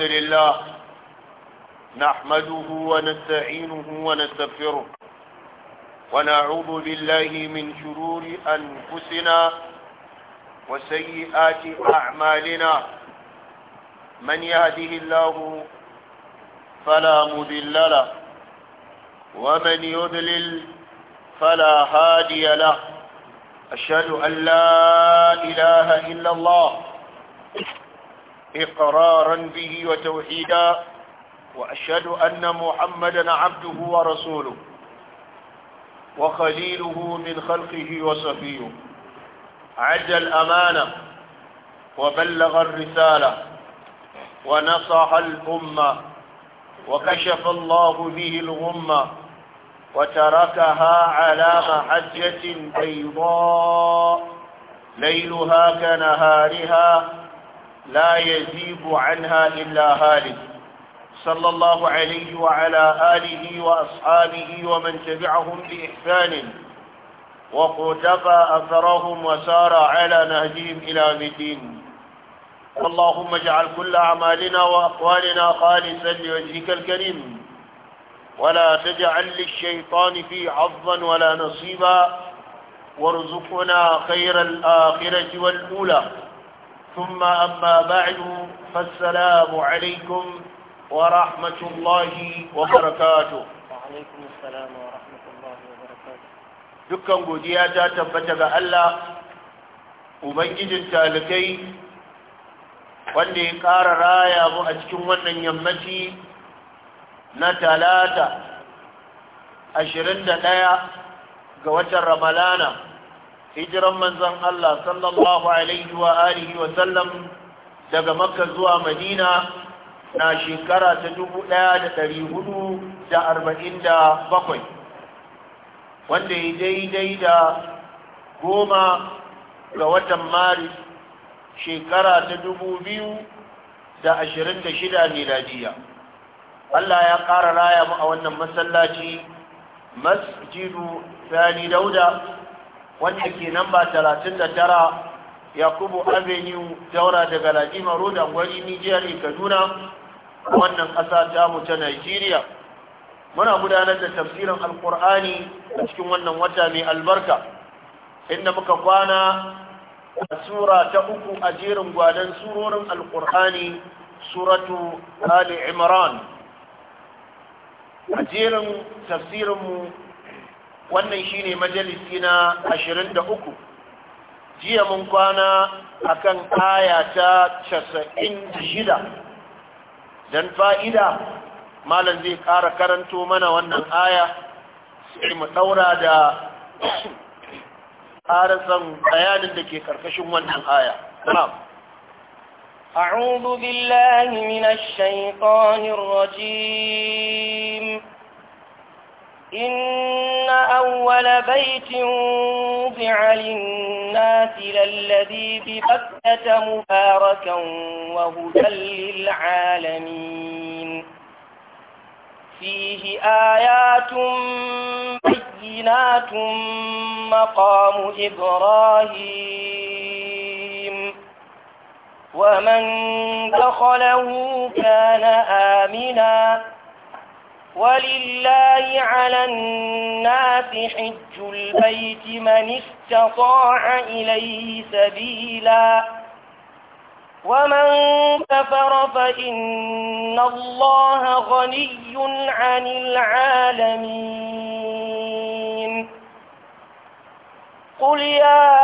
الحمد لله نحمده ونستعينه ونستغفره ونعوذ بالله من شرور أنفسنا وسيئات أعمالنا من يهده الله فلا مذل له ومن يذلل فلا هادي له أشهد أن لا إله إلا الله إقرارا به وتوحيدا وأشهد أن محمدا عبده ورسوله وخليله من خلقه وصفيه عد الأمانة وبلغ الرسالة ونصح الأمة وكشف الله به الغمة وتركها على محجة بيضاء ليلها كنهارها لا يزيب عنها إلا هالك صلى الله عليه وعلى آله وأصحابه ومن تبعهم بإحسان وقتفى أثرهم وسار على نهجهم إلى مدين اللهم اجعل كل أعمالنا وأقوالنا خالصا لوجهك الكريم ولا تجعل للشيطان في حظا ولا نصيبا وارزقنا خير الآخرة والأولى ثم أما بعد فالسلام عليكم ورحمة الله وبركاته وعليكم السلام ورحمة dukkan godiya ta tabbata ga Allah ubangijin talikai wanda ya ƙara raya mu a cikin wannan yammaci na talata ashirin da ɗaya ga watan Ramadana. hijiran manzon Allah sallallahu alaihi wa alihi wa sallam daga makka zuwa madina na shekara ta dubu ɗaya da ɗari hudu da arba'in da bakwai wanda ya daidai da goma ga watan maris shekara ta dubu biyu da ashirin da shida miladiya Allah ya ƙara raya mu a wannan masallaci masjidu sani dauda wanda ke namba tara yakubu avenue daura daga lajima road angwari nijiyar kaduna wannan ƙasa ta mu ta nigeria muna gudanar da tafsirin alkur'ani a cikin wannan wata mai albarka inda muka kwana a sura ta uku a jerin gwadon surorin alkur'ani suratu ali imran a jerin tafsirinmu wannan shine majalisi na 23 jiya mun kwana akan aya ta 96 dan fa'ida malam zai ƙara karanto mana wannan aya sai mu daura da arasan bayanin da ke karkashin wannan aya أعوذ بالله من الشيطان الرجيم إن أول بيت وضع للناس للذي ببكة مباركا وهدى للعالمين فيه آيات بينات مقام إبراهيم ومن دخله كان آمناً ولله على الناس حج البيت من استطاع إليه سبيلا ومن كفر فإن الله غني عن العالمين قل يا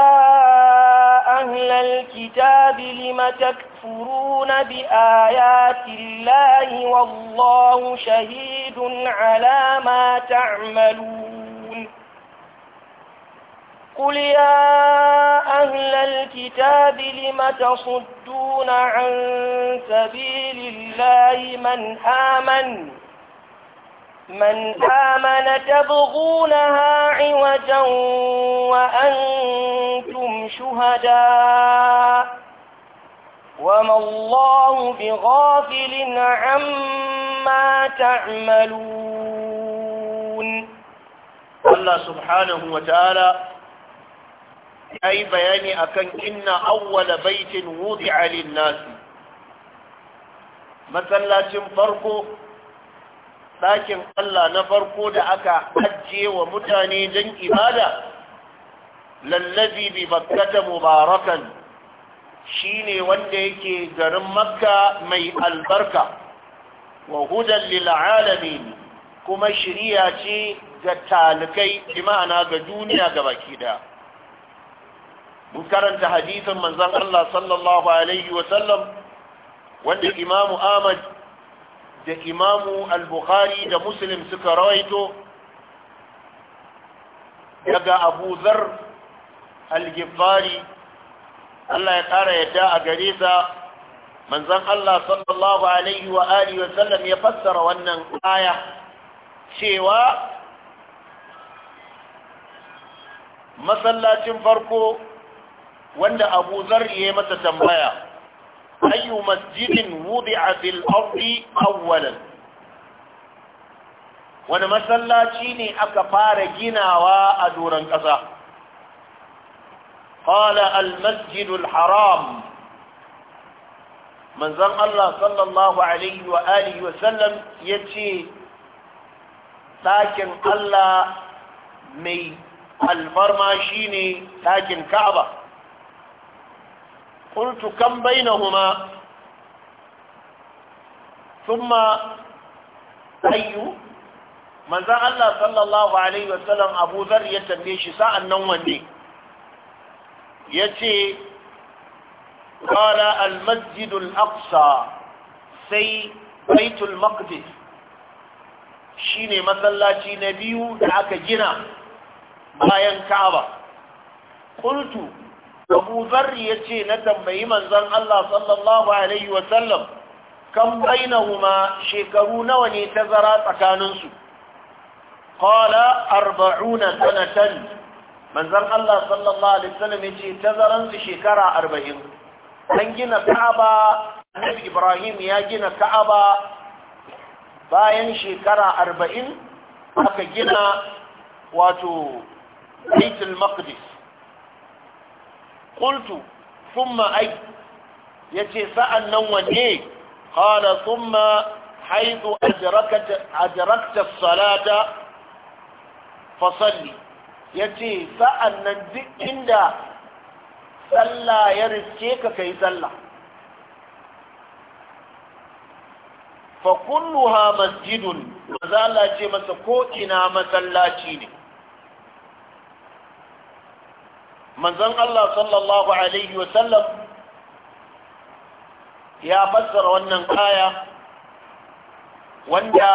أهل الكتاب لم تكتبون يكفرون بآيات الله والله شهيد على ما تعملون قل يا أهل الكتاب لم تصدون عن سبيل الله من آمن من آمن تبغونها عوجا وأنتم شهداء وما الله بغافل عما تعملون الله سبحانه وتعالى أي بياني أكن إن أول بيت وضع للناس مثلا فرقه ɗakin Allah na farko da aka ajiye wa mutane don ibada lallazi bi bakkata mubarakan shine wanda yake garin makka mai albarka wa hudan lil alamin kuma shiriya ce ga talikai bi ga duniya gabaki daya mun karanta hadisin manzon Allah sallallahu alaihi wa sallam wanda imamu Ahmad da imamu al-Bukhari da Muslim suka rawaito daga Abu Dharr al-Ghifari Allah ya ƙara yadda a gare sa manzon Allah sallallahu alaihi wa alihi wa sallam ya fassara wannan aya cewa masallacin farko wanda Abu Zar ya masa tambaya ayu masjidin wudi'a fil ardi awwalan wani masallaci ne aka fara ginawa a doron ƙasa قال المسجد الحرام من زن الله صلى الله عليه وآله وسلم يتي لكن الله مي المرماشيني لكن كعبة قلت كم بينهما ثم أي من زن الله صلى الله عليه وسلم أبو ذر يتنبيش ساعة نواني yace ce, al-masjid aqsa sai baitul maqdis shine masallaci na biyu da aka gina bayan ka'aba qultu abu ya yace na tambayi manzon Allah sallallahu alaihi wa sallam shekaru nawa ne tazara tsakaninsu qala arba'una sanatan manzon Allah sallallahu alaihi wasallam yace tazaran su shekara arba'in? an gina Ka'aba Annabi Ibrahim ya gina Ka'aba bayan shekara arba'in, aka gina wato Baitul Maqdis qultu thumma ay yace sa'an nan wanne qala thumma حيث أدركت, أدركت الصلاة فصلي ya ce sa'an nan duk inda sallah ya riske ka kai sallah fa kulluha masjidun mazala ce masa ko ina masallaci ne manzon Allah sallallahu alaihi wasallam ya fassara wannan kaya wanda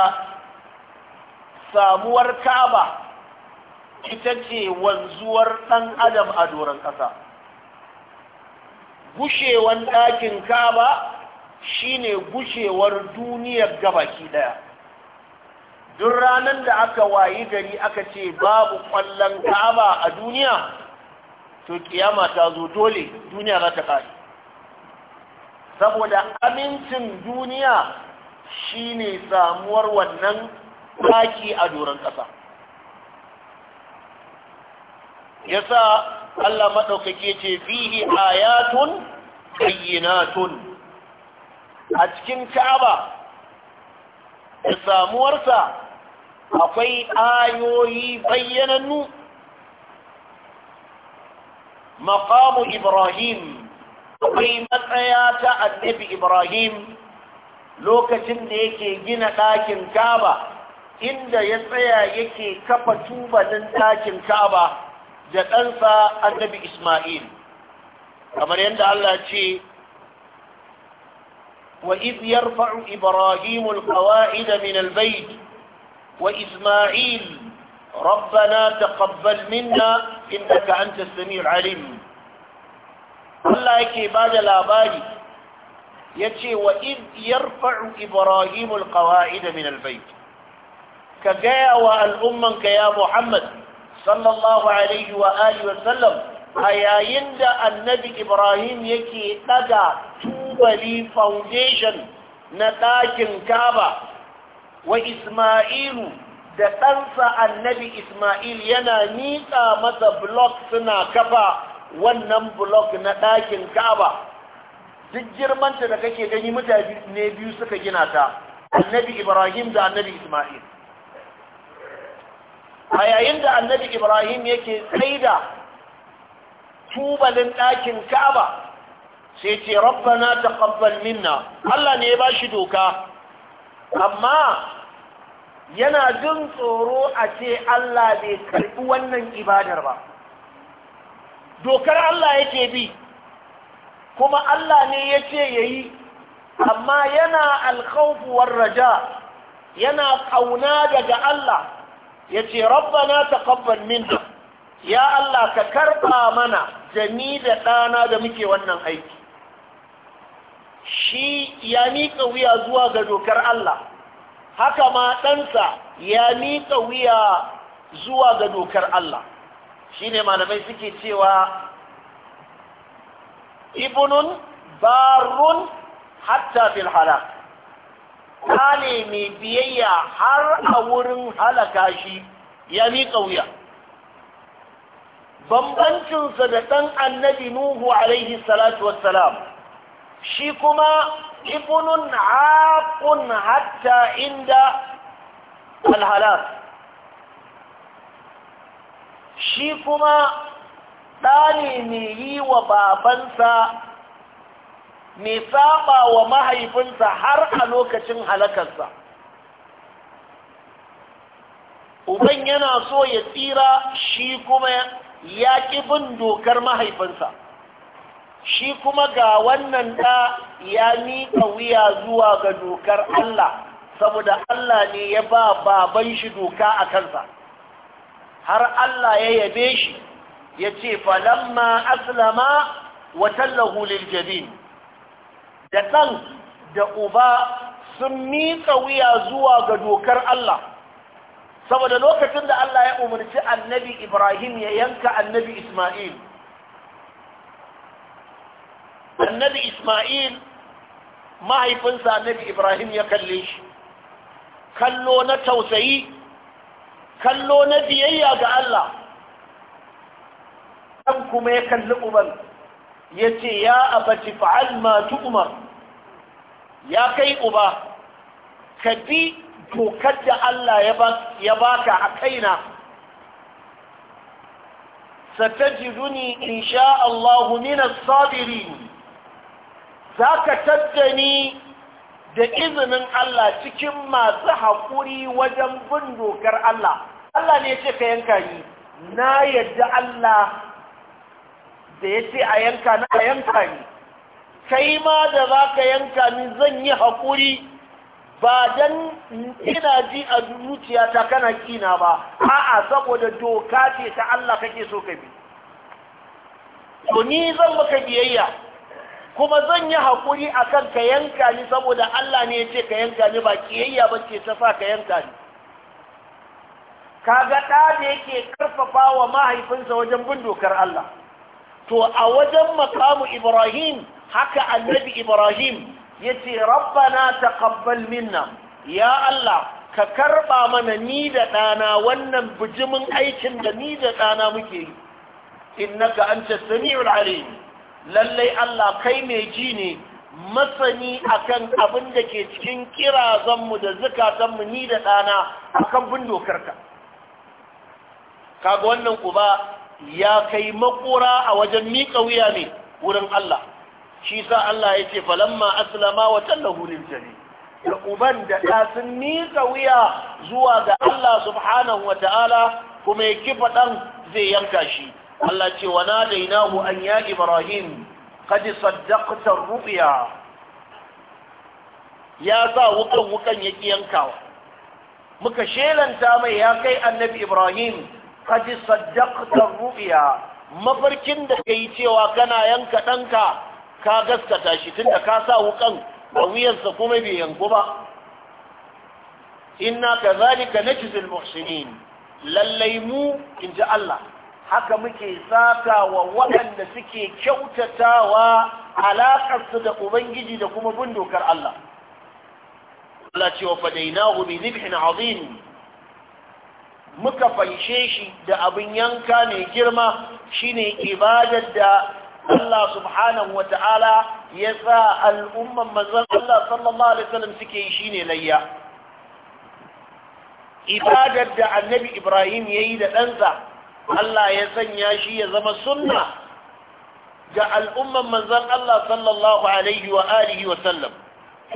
samuwar Ka'aba ita ce wanzuwar ɗan adam a doron ƙasa gushewan ɗakin kaba shine gushewar duniyar gabaki ɗaya duk ranar da aka wayi gari aka ce babu ƙwallon kaba a duniya to kiyama ta zo dole duniya za ta ƙari saboda amincin duniya shine samuwar wannan ɗaki a doron ƙasa Ya sa Allah maɗaukake ce fihi ayatun bayyinatun a cikin Ka'aba da samuwarsa akwai ayoyi bayyanannu maqamu Ibrahim akwai matsaya ta annabi Ibrahim lokacin da yake gina ɗakin Ka'aba inda ya tsaya yake kafa tubalin ɗakin Ka'aba da ɗansa annabi Ismail kamar yadda Allah ce wa iz yarfa'u ibrahim alqawa'id min albayt wa isma'il rabbana taqabbal minna innaka antas samiul alim Allah yake da labari yace wa iz yarfa'u ibrahim alqawa'id min albayt ka gaya wa al'ummanka ya muhammad sallallahu alaihi wa alihi wa sallam a yayin da annabi ibrahim yake daga tubali foundation na ɗakin kaba wa ismailu da ɗansa annabi ismail yana mitsa masa blok suna kafa wannan blok na ɗakin kaba duk girmanta da kake gani mutane biyu suka gina ta annabi ibrahim da annabi ismail a yayin da annabi ibrahim yake tsaida tubalin ɗakin ka'aba sai ce rabbana taqabbal minna Allah ne ya bashi doka amma yana jin tsoro a ce Allah bai karɓi wannan ibadar ba dokar Allah yake bi kuma Allah ne ya ce ya yi amma yana alkhawfuwar raja yana ƙauna daga Allah Ya ce rabbana taqabbal minna ya Allah ka karba mana jami da ɗana da muke wannan aiki shi ya miƙa wuya zuwa ga dokar Allah haka ma ɗansa ya miƙa wuya zuwa ga dokar Allah shi ne malamai suke cewa ibnun barun hatta fil halak ta mai biyayya har a wurin halaka shi ya miƙa wuya bambancinsa da ɗan annabi nuhu alaihi salatu wassalam shi kuma ibnun haƙun hatta inda alhalas shi kuma ɗane mai yi wa babansa mai saba wa mahaifinsa har a lokacin halakarsa uban yana so ya tsira shi kuma ya ƙi bin dokar mahaifinsa shi kuma ga wannan ɗa ya miƙa wuya zuwa ga dokar Allah saboda Allah ne ya ba baban shi doka a kansa har Allah ya yabe shi ya ce falamma aslama wa tallahu lil jabin da ɗan da uba sun miƙa wuya zuwa ga dokar Allah saboda lokacin da Allah ya umarci annabi Ibrahim ya yanka annabi Ismail annabi Ismail mahaifinsa annabi Ibrahim ya kalle shi kallo na tausayi kallo na biyayya ga Allah ɗan kuma ya kalli uban ya ce ya abaci fa'al ma tu'umar ya kai uba ka bi dokar da Allah ya baka a kaina satajiduni insha Allah mina as Za ka taddani da izinin Allah cikin masu haƙuri wajen bin dokar Allah Allah ne ce ka yanka ni na yadda Allah da ya ce a yanka na a yanka ni kai ma da za ka yanka ni zan yi haƙuri ba don ina ji a ta kana kina ba a'a saboda doka ce ta Allah kake so ka bi to ni zan maka biyayya kuma zan yi haƙuri akan ka yanka ni saboda Allah ne ya ce ka yanka ni ba kiyayya ba ce ta sa ka yanka ni kaga ɗa da yake karfafa wa mahaifinsa wajen bin dokar Allah to a wajen makamu Ibrahim haka annabi ibrahim ya ce rabbana taqabbal minna ya allah ka karba mana ni da ɗana wannan bijimin aikin da ni da ɗana muke yi innaka anta sami'ul alim lallai allah kai mai ji ne masani akan abin da ke cikin kirazanmu da zukatanmu ni da ɗana akan bin dokarka kaga wannan uba ya kai makura a wajen miƙa wuya ne wurin allah shi sa Allah ya ce falamma aslama wa tallahu lil jami da uban da ɗa sun miƙa wuya zuwa ga Allah subhanahu wa ta'ala kuma ya kifa ɗan zai yanka shi Allah ce wa nadainahu an ya Ibrahim qad saddaqta ru'ya ya sa wukan wukan yake yankawa muka shelanta mai ya kai annabi Ibrahim qad saddaqta ru'ya mafarkin da kai cewa kana yanka ɗanka ka gaskata shi tunda ka sa wukan a wuyansa kuma bai yanku ba inna kazalika najzil muhsinin lallai mu in ji Allah haka muke saka wa waɗanda suke kyautatawa su da Ubangiji da kuma bin dokar Allah. Allah ce wa fadainahu bi zibhin azim muka fanshe shi da abin yanka mai girma shine ibadar da Allah subhanahu wa ta'ala ya sa al'umman Allah sallallahu alaihi wasallam suke yi shine layya ibadar da annabi Ibrahim yayi da ɗansa Allah ya sanya shi ya zama sunna ga al'umman mazan Allah sallallahu alaihi wa alihi wa sallam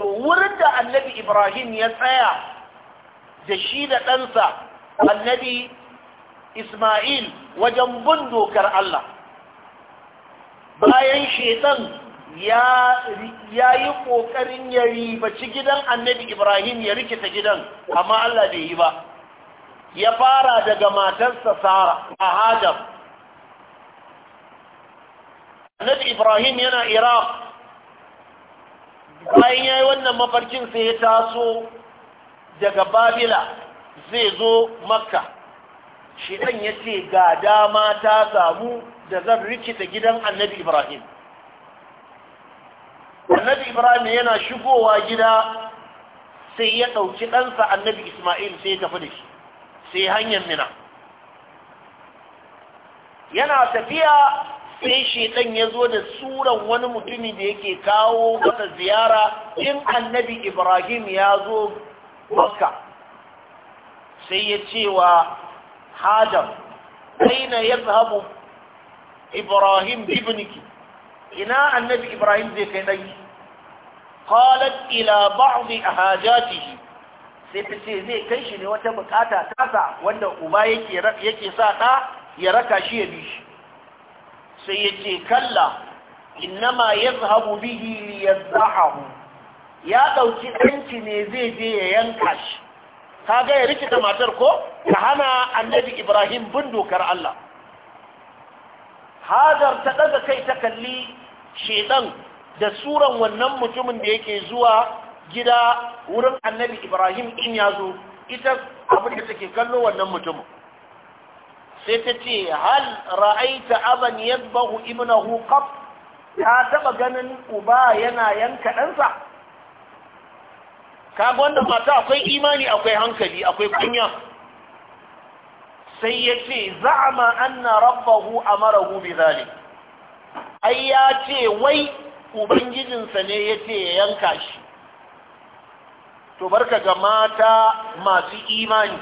to wurin da annabi Ibrahim ya tsaya da shi da ɗansa annabi Ismail wajen bin dokar Allah bayan shaitan ya yi ƙoƙarin ya ribaci gidan annabi ibrahim ya rikita gidan amma allah bai yi ba ya fara daga matarsa sara a hajar annabi ibrahim yana iraq bayan ya yi wannan mafarkin sai ya taso daga babila zai zo makka shidan ya ce ga dama ta samu da zan rikita gidan annabi ibrahim annabi ibrahim yana shigowa gida sai ya ɗauki ɗansa annabi isma'il sai ya tafi da shi sai hanyar mina yana tafiya sai shaidan ya zo da suran wani mutumin da yake kawo mata ziyara in annabi ibrahim ya zo makka sai ya ce wa hajar aina ya zahabu ibrahim ibniki ina annabi ibrahim zai kai danki qalat ila ba'd hajatihi sai ta ce zai kai shi ne wata bukata tasa wanda uba yake sa ɗa ya raka shi ya bi shi sai yace kalla innama yadhhabu bihi liyadhahu ya dauki danki ne zai je ya yanka shi kaga ya rikita matar ko ka hana annabi ibrahim bin dokar Allah hajar ta daga kai ta kalli shedan da suran wannan mutumin da yake zuwa gida wurin annabi ibrahim in ya zo ita abin da take kallo wannan mutumin sai ta ce hal ra'aita aban yadbahu ibnahu qat ta taba ganin uba yana yanka ɗansa kaga wanda mata akwai imani akwai hankali akwai kunya sai ya ce za'ama a rabbahu amarahu bi zane ai ya ce wai ubangijinsa ne ya ce ya yanka shi to barka ga mata masu imani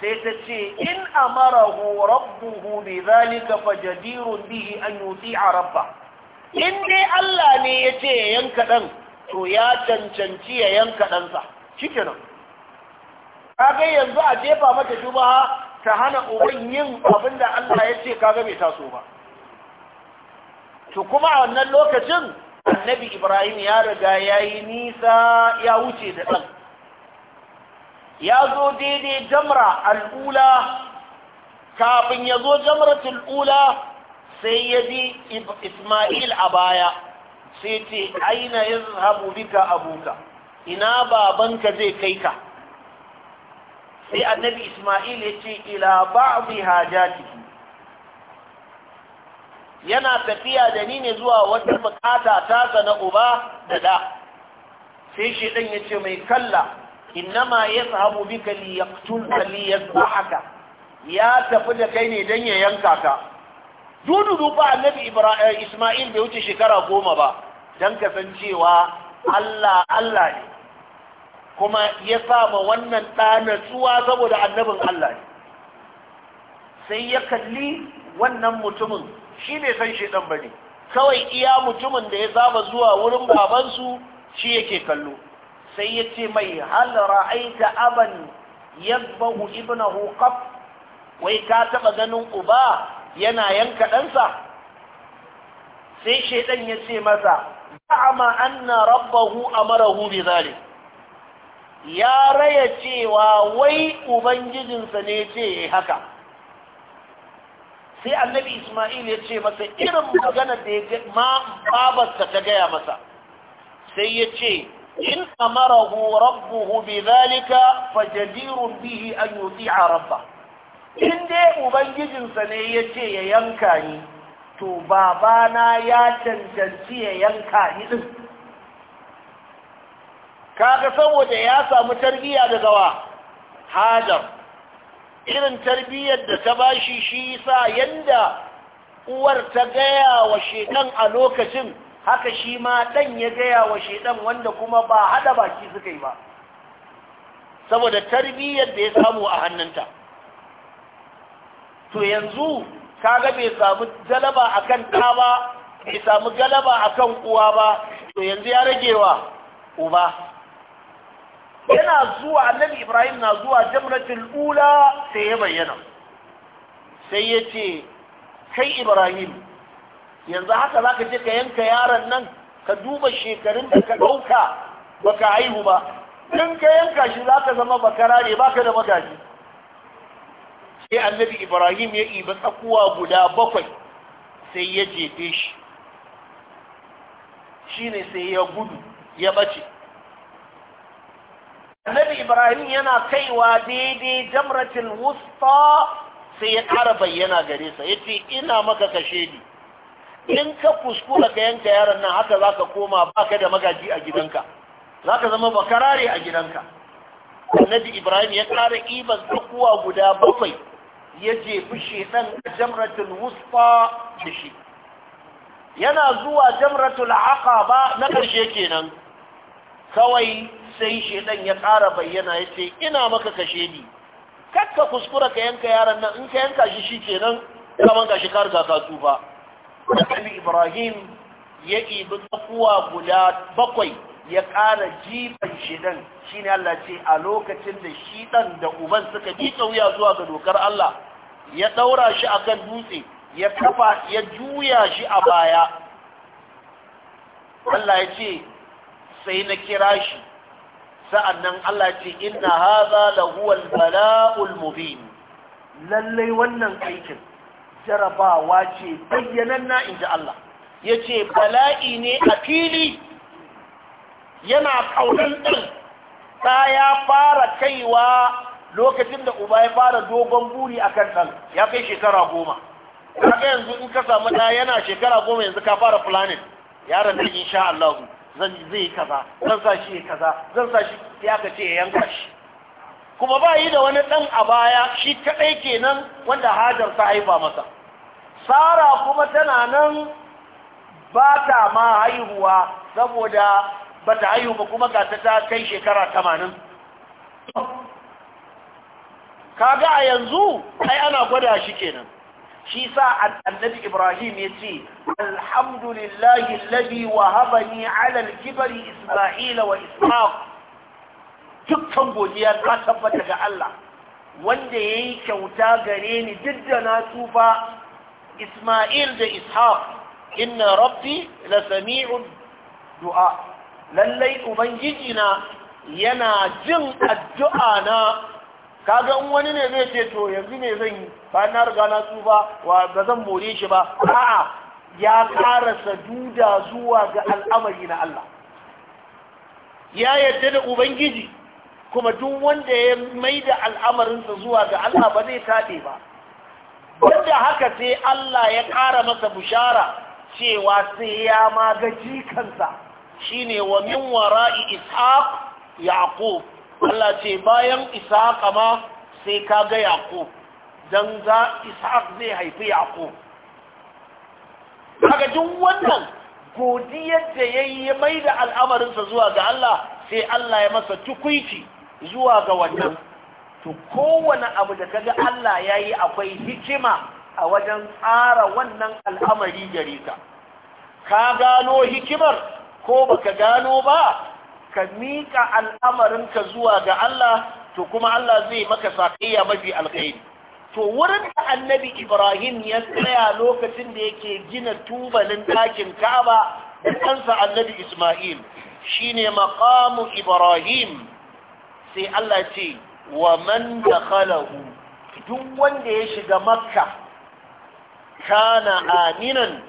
sai ta ce in a amarahu rabbuhu bi ka fajadirun bihi an a rabba in dai Allah ne ya ce ya yanka ɗan to ya cancanci ya yanka ɗansa shikenan kaga yanzu a jefa mata juma'a ta hana uban yin abin da Allah ya ce kaga bai taso ba to kuma a wannan lokacin annabi Ibrahim ya riga ya nisa ya wuce da ɗan ya zo daidai jamra al'ula kafin ya zo jamratul ula sai ya bi Ismail a baya sai ce aina yazhabu bika abuka ina babanka zai kai ka sai annabi isma'il ya ce ila ba'dhi hajatihi yana tafiya da ni ne zuwa wata bukata ta ga na uba da da sai shi dan yace mai kalla innama yashabu bika li yaqtulka li yadhbahaka ya tafi da kai ne dan ya yanka ka dudu ba annabi ibrahim eh, isma'il bai wuce shekara goma ba dan kasancewa Allah Allah ne kuma ya sama wannan ɗanatsuwa natsuwa saboda annabin Allah ne sai ya kalli wannan mutumin shi ne san shi ɗan bane kawai iya mutumin da ya saba zuwa wurin babansu shi yake kallo sai ya ce mai hal ra'aita aban yadbahu ibnahu qab wai ka taba ganin uba yana yanka ɗansa sai shaidan ya ce masa za'ama anna rabbahu amarahu bi zalik ya raya cewa wai ubangijinsa ne ce ya haka sai annabi ismail ya ce masa irin magana da ya ma babarsa ta gaya masa sai ya ce in amarahu rabbuhu bi zalika fajadirun bihi an yuti'a rabba in dai ubangijinsa ne ya ce ya yanka ni to babana ya cancanci ya yanka ni din kaga saboda ya samu tarbiyya da gawa, hajar irin tarbiyyar da ta bashi shi sa yanda uwar ta gaya wa shedan a lokacin haka shi ma dan ya gaya wa shedan wanda kuma ba hada baki suka yi ba saboda tarbiyyar da ya samu a hannunta to yanzu kaga bai samu galaba akan ɗa ba bai samu galaba akan uwa ba to yanzu ya ragewa uba yana zuwa annabi ibrahim na zuwa jamratul ula sai ya bayyana sai ya ce kai ibrahim yanzu haka za ka je ka yanka yaron nan ka duba shekarun da ka ɗauka ba ka haihu ba in ka yanka shi za ka zama bakara ne ba ka da magaji sai annabi ibrahim ya iba tsakuwa guda bakwai sai ya jefe shi shine sai ya gudu ya bace annabi ibrahim yana kaiwa daidai jamratul wusta sai ya ƙara bayyana gare sa yace ina maka kashe ni in ka kuskura ka yanka yaron nan haka zaka koma baka da magaji a gidanka zaka zama bakarare a gidanka annabi ibrahim ya ƙara ibas kuwa guda bakwai ya jefi shedan a jamratul wusta da shi yana zuwa jamratul aqaba na ƙarshe kenan kawai sai shedan ya ƙara bayyana ya ce ina maka kashe ni kakka kuskura ka yanka yaran nan in ka yanka shi shi kenan kaman ka shi karka ka tsufa annabi ibrahim ya ibi tsakuwa guda bakwai ya ƙara jifan shidan shi ne Allah ce a lokacin da shidan da uban suka bi wuya zuwa ga dokar Allah ya ɗaura shi akan dutse ya kafa ya juya shi a baya Allah ya ce sai na kira shi sa'annan Allah ce inna haza da huwa balaul mubin Lallai wannan aikin jarabawa ce bayyananna inji Allah Ya ce bala'i ne a fili yana kaunan din ta ya fara kaiwa lokacin da uba ya fara dogon buri akan ɗan. ya kai shekara goma kaga yanzu in ka samu ɗaya yana shekara goma yanzu ka fara planning yaron da insha Allah zan zai kaza zan sa shi kaza zan sa shi ya ka ce ya yanka shi kuma ba yi da wani ɗan a baya shi kaɗai kenan wanda hajar ta haifa masa sara kuma tana nan ba ta ma haihuwa saboda ba ta haihu ba kuma ga ta kai shekara tamanin kaga a yanzu ai ana gwada shi kenan shi sa annabi ibrahim ya ce alhamdulillahi wa wahabani ni al-kibari isma'ila wa ishaq dukkan godiya ta tabbata ga Allah wanda yayi kyauta gare ni duk da na tufa isma'il da ishaq inna rabbi la sami'ud du'a lallai ubangiji na yana jin addu'a na kaga in wani ne zai ce to yanzu ne zan yi bayan na riga na tsufa wa ba zan more shi ba a'a ya karasa duda zuwa ga al'amari na Allah ya yarda da ubangiji kuma duk wanda ya maida al'amarinsa zuwa ga Allah ba zai taɗe ba wanda haka sai Allah ya kara masa bushara cewa sai ya magaji kansa shine wa min wara'i ishaq yaqub Allah ce bayan Ishaq ma sai ka ga Yaƙo, don za Ishaq zai haifi Yaƙo. kaga duk wannan godiyar da ya yi ya da al'amarinsa zuwa ga Allah sai Allah ya masa tukuici zuwa ga wannan to kowane abu da ka ga Allah ya yi akwai hikima a wajen tsara wannan al'amari gare ka ka gano hikimar ko baka gano ba ka miƙa al'amarinka zuwa ga Allah to kuma Allah zai maka sakayya mafi alkhairi to wurin da annabi Ibrahim ya tsaya lokacin da yake gina tubalin ɗakin Ka'aba da kansa annabi Ismail shine maqamu Ibrahim sai Allah ce wa man dakhalahu duk wanda ya shiga Makka kana aminan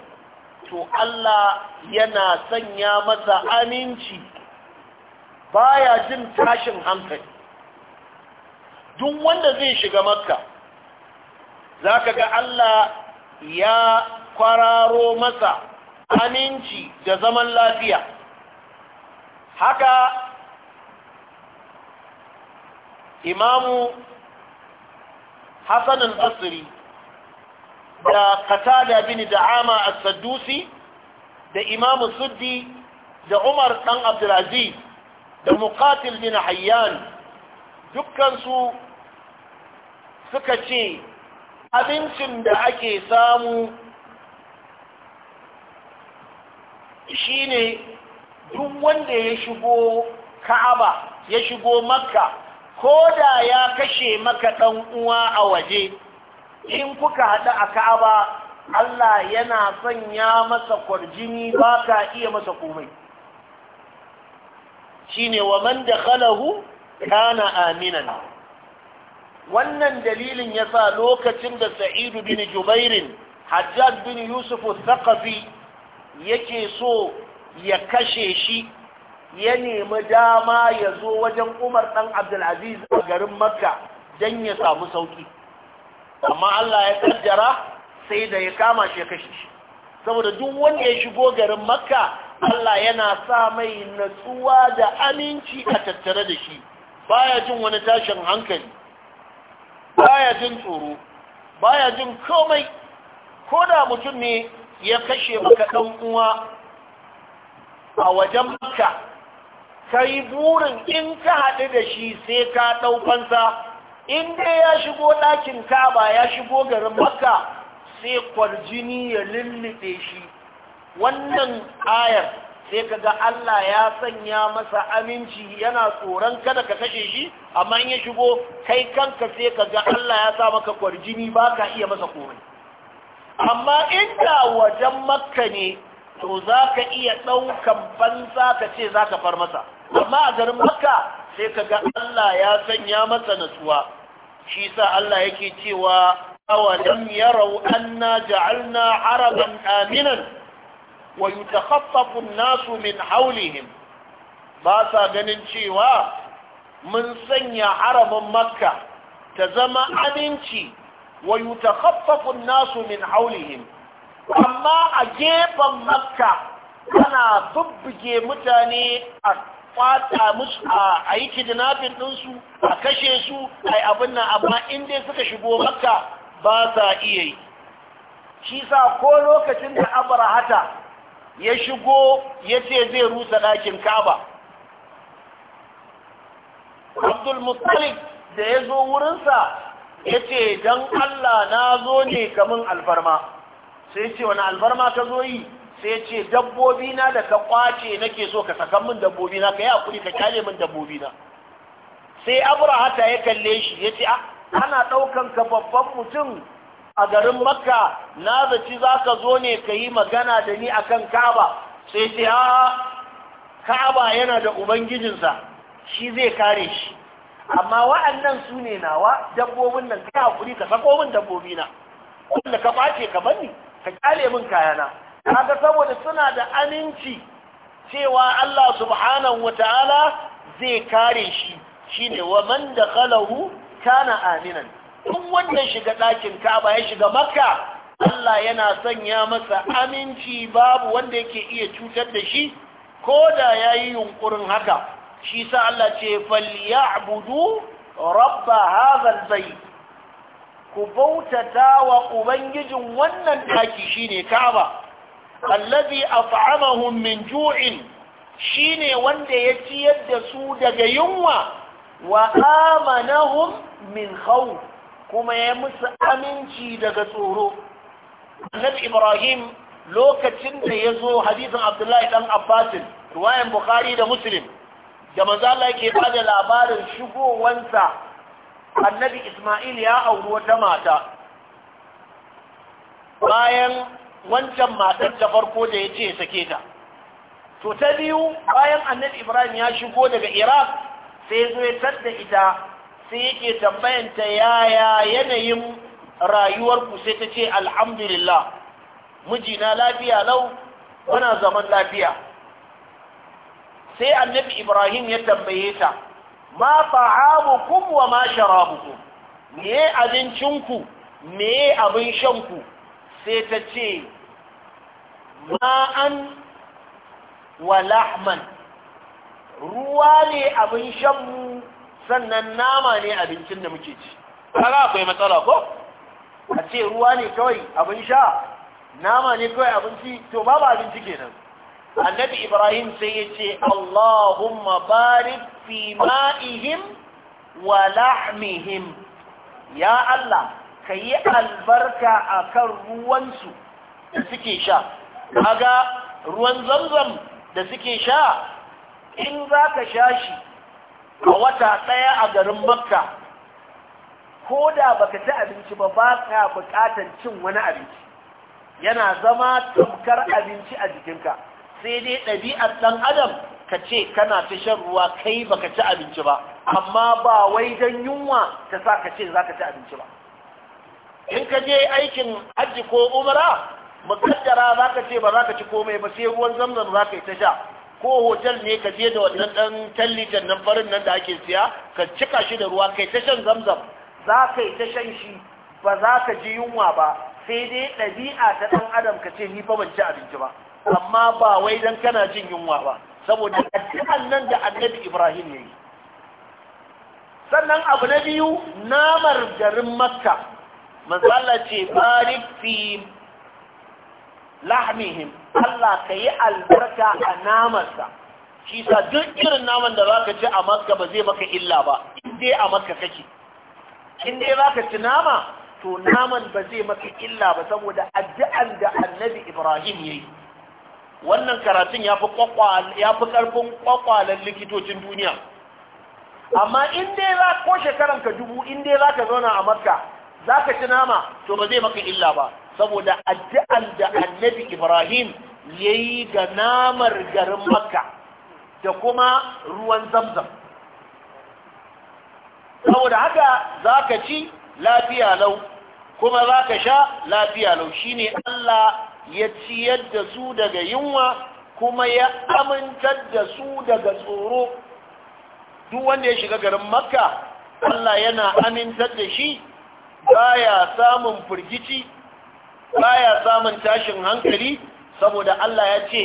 to Allah yana sanya masa aminci baya jin tashin hankali duk wanda zai shiga makka za ka ga Allah ya kwararo masa aminci da zaman lafiya haka imamu hassan al-basri da katada bin da'ama al-saddusi da imamu suddi da umar Dan abdulaziz da muqatil bin hayyan dukkansu suka ce abincin da ake samu shine duk wanda ya shigo ka'aba ya shigo makka ko da ya kashe maka ɗan uwa a waje in kuka haɗu a ka'aba Allah yana sanya masa kwarjini ba ka iya masa komai shine wa man dakhalahu kana aminan wannan dalilin yasa lokacin da Sa'idu bin Jubair Hajjaj bin Yusuf al-Thaqafi yake so ya kashe shi ya nemi dama ya zo wajen Umar dan Abdul a garin Makka dan ya samu sauki amma Allah ya kaddara sai da ya kama shi ya kashe shi saboda duk wanda ya shigo garin Makka Allah yana sa mai natsuwa da aminci a tattare da shi baya jin wani tashin hankali baya jin tsoro baya jin komai ko da mutum ne ya kashe maka ɗan uwa a wajen maka ka yi burin in ka haɗu da shi sai ka ɗaukansa in dai ya shigo ɗakin kaba ya shigo garin maka, sai kwarjini ya lulluɗe shi wannan ayar sai ka ga Allah ya sanya masa aminci yana tsoron kada ka kashe shi amma in ya shigo kai kanka sai ka ga Allah ya sa maka kwarjini ba ka iya masa komai amma inda wajen makka ne to za ka iya ɗaukan fansa ka ce za ka far masa amma a garin makka sai ka ga Allah ya sanya masa natsuwa shi sa Allah yake cewa awalin yarau anna ja'alna araban aminan wa yutakhaffafu nasu min haulihim ba sa ganin cewa mun sanya haramin makka ta zama aminci wa yutakhaffafu nasu min haulihim amma a gefen makka ana bubbuge mutane a kwata musu a yi kidnapping ɗinsu a kashe su a yi abin nan amma inda suka shigo makka ba sa iya yi shi sa ko lokacin da abrahata ya shigo ya ce zai rusa ɗakin kaba abdulmuttalib da ya zo wurinsa ya ce don allah na zo ne kamun alfarma sai ce wani alfarma ka zo yi sai ce dabbobina da ka kwace nake so ka sakan min dabbobina ka yi akuri ka kyale min dabbobina sai abrahata ya kalle shi ya ce ah, ana ɗaukan ka babban mutum a garin makka na zaci za ka zo ne ka yi magana da ni akan kaba sai ce a kaba yana da ubangijinsa shi zai kare shi amma wa'annan su ne nawa dabbobin nan ka hakuri ka sako min dabbobi na wanda ka ɓace ka banni ka kyale min kayana kaga saboda suna da aminci cewa Allah subhanahu ta'ala zai kare shi shine wa man da kana aminan duk wanda shiga ɗakin kaba ya shiga makka Allah yana sanya masa aminci babu wanda yake iya cutar da shi ko da ya yi yunkurin haka shi sa Allah ce abudu. rabba hazar bai ku bautata wa ubangijin wannan ɗaki shine kaba allazi af'amahum min ju'in shine wanda ya ciyar da su daga yunwa wa amanahum min khawf kuma ya musu aminci daga tsoro annabi ibrahim lokacin da ya zo hadisin abdullahi dan abbasin ruwayan bukhari da muslim da manzala yake ba da labarin shigowansa annabi ismail ya auri wata mata bayan wancan matar ta farko da ya ce sake ta to ta biyu bayan annabi ibrahim ya shigo daga iraq sai zo ya tadda ita sai yake tambayanta yaya yanayin rayuwarku sai ta ce alhamdulillah mijina lafiya lau muna zaman lafiya sai annabi ibrahim ya tambaye ta ma ta'amukum wa ma sharabukum me abincinku me abin shanku sai ta ce ma'an wa lahman ruwa ne abin shanmu sannan nama ne abincin da muke ci kaga akwai matsala ko a ce ruwa ne kawai abin sha nama ne kawai abinci to babu abinci kenan annabi ibrahim sai ya ce allahumma barik fi ma'ihim wa lahmihim ya allah ka yi albarka a kan ruwansu da suke sha kaga ruwan zamzam da suke sha in za ka sha shi a wata ɗaya a garin makka ko da baka ci abinci ba ba ka buƙatar cin wani abinci yana zama tamkar abinci a jikinka sai dai ɗabi'ar ɗan adam ka ce kana ta shan ruwa kai baka ci abinci ba amma ba wai don yunwa ta sa ka ce za ka ci abinci ba in ka je aikin hajji ko umara mukaddara za ka ce ba za ka ci komai ba sai ruwan zamzam za ka yi ta sha ko hotel ne ka je da wannan dan tallitan nan farin nan da ake siya ka cika shi da ruwa kai ta shan zamzam za ka yi ta shan shi ba za ka ji yunwa ba sai dai ɗabi'a ta ɗan adam ka ce ni fa ban ci abinci ba amma ba wai dan kana jin yunwa ba saboda addu'an nan da annabi ibrahim ya yi sannan abu na biyu namar garin makka manzala ce barik fi lahmihim Allah ka yi albarka a namarsa. shi sa duk irin naman da za ka ci a maska ba zai maka illa ba in dai a maska kake in dai za ka ci nama to naman ba zai maka illa ba saboda addu'an da annabi ibrahim ya yi wannan karatun ya fi karfin kwakwalen likitocin duniya amma in dai za ko shekaran dubu in dai za ka zauna a makka za ka ci nama to ba zai maka illa ba saboda addu'an da annabi ibrahim ya yi ga namar garin makka da kuma ruwan zamzam saboda haka za ka ci lafiya lau kuma za ka sha lafiya lau shine allah ya ciyar da su daga yunwa kuma ya amintar da su daga tsoro duk wanda ya shiga garin makka allah yana amintar da shi baya samun firgici baya samun tashin hankali saboda Allah ya ce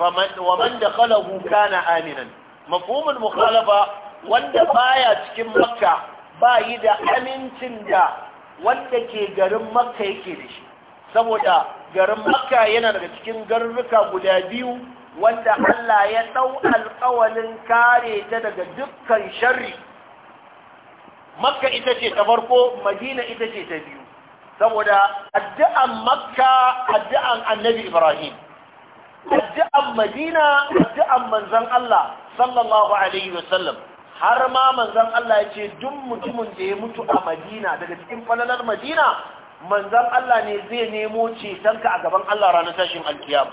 wa man dakhalahu kana aminan mafhumul mukhalafa wanda baya cikin makka ba yi da amincin da wanda ke garin makka yake da shi saboda garin makka yana daga cikin garuruka guda biyu wanda Allah ya dau alƙawalin kare ta daga dukkan sharri makka ita ce ta farko madina ita ce ta biyu saboda addu'an makka addu'an annabi ibrahim addu'an madina addu'an manzan Allah sallallahu alaihi wasallam har ma manzan Allah ya ce duk mutumin da ya mutu a madina daga cikin falalar madina manzan Allah ne zai nemo cetonka a gaban Allah ranar tashin alkiyam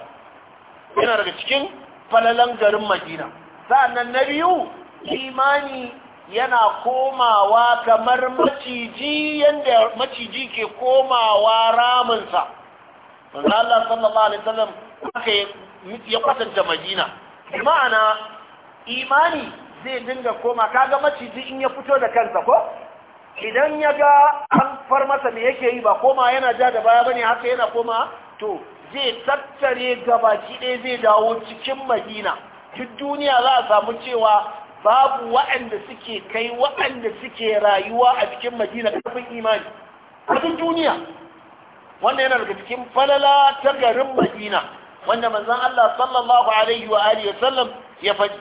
yana daga cikin falalan garin madina sa'annan na biyu imani yana komawa kamar maciji yadda maciji ke komawa ramunsa. manzo Allah sallallahu alaihi wasallam aka ya kwatanta Madina ma'ana imani zai dinga koma kaga maciji in ya fito da kansa ko idan ya ga an far masa me yake yi ba koma yana ja da baya bane haka yana koma to zai tattare gabaki ɗaya zai dawo cikin Madina duk duniya za a samu cewa babu waɗanda suke kai waɗanda suke rayuwa a cikin madina ƙarfin imani ƙarfin duniya wannan yana daga cikin falala ta garin madina wanda manzon Allah sallallahu alaihi wa alihi wasallam ya faɗi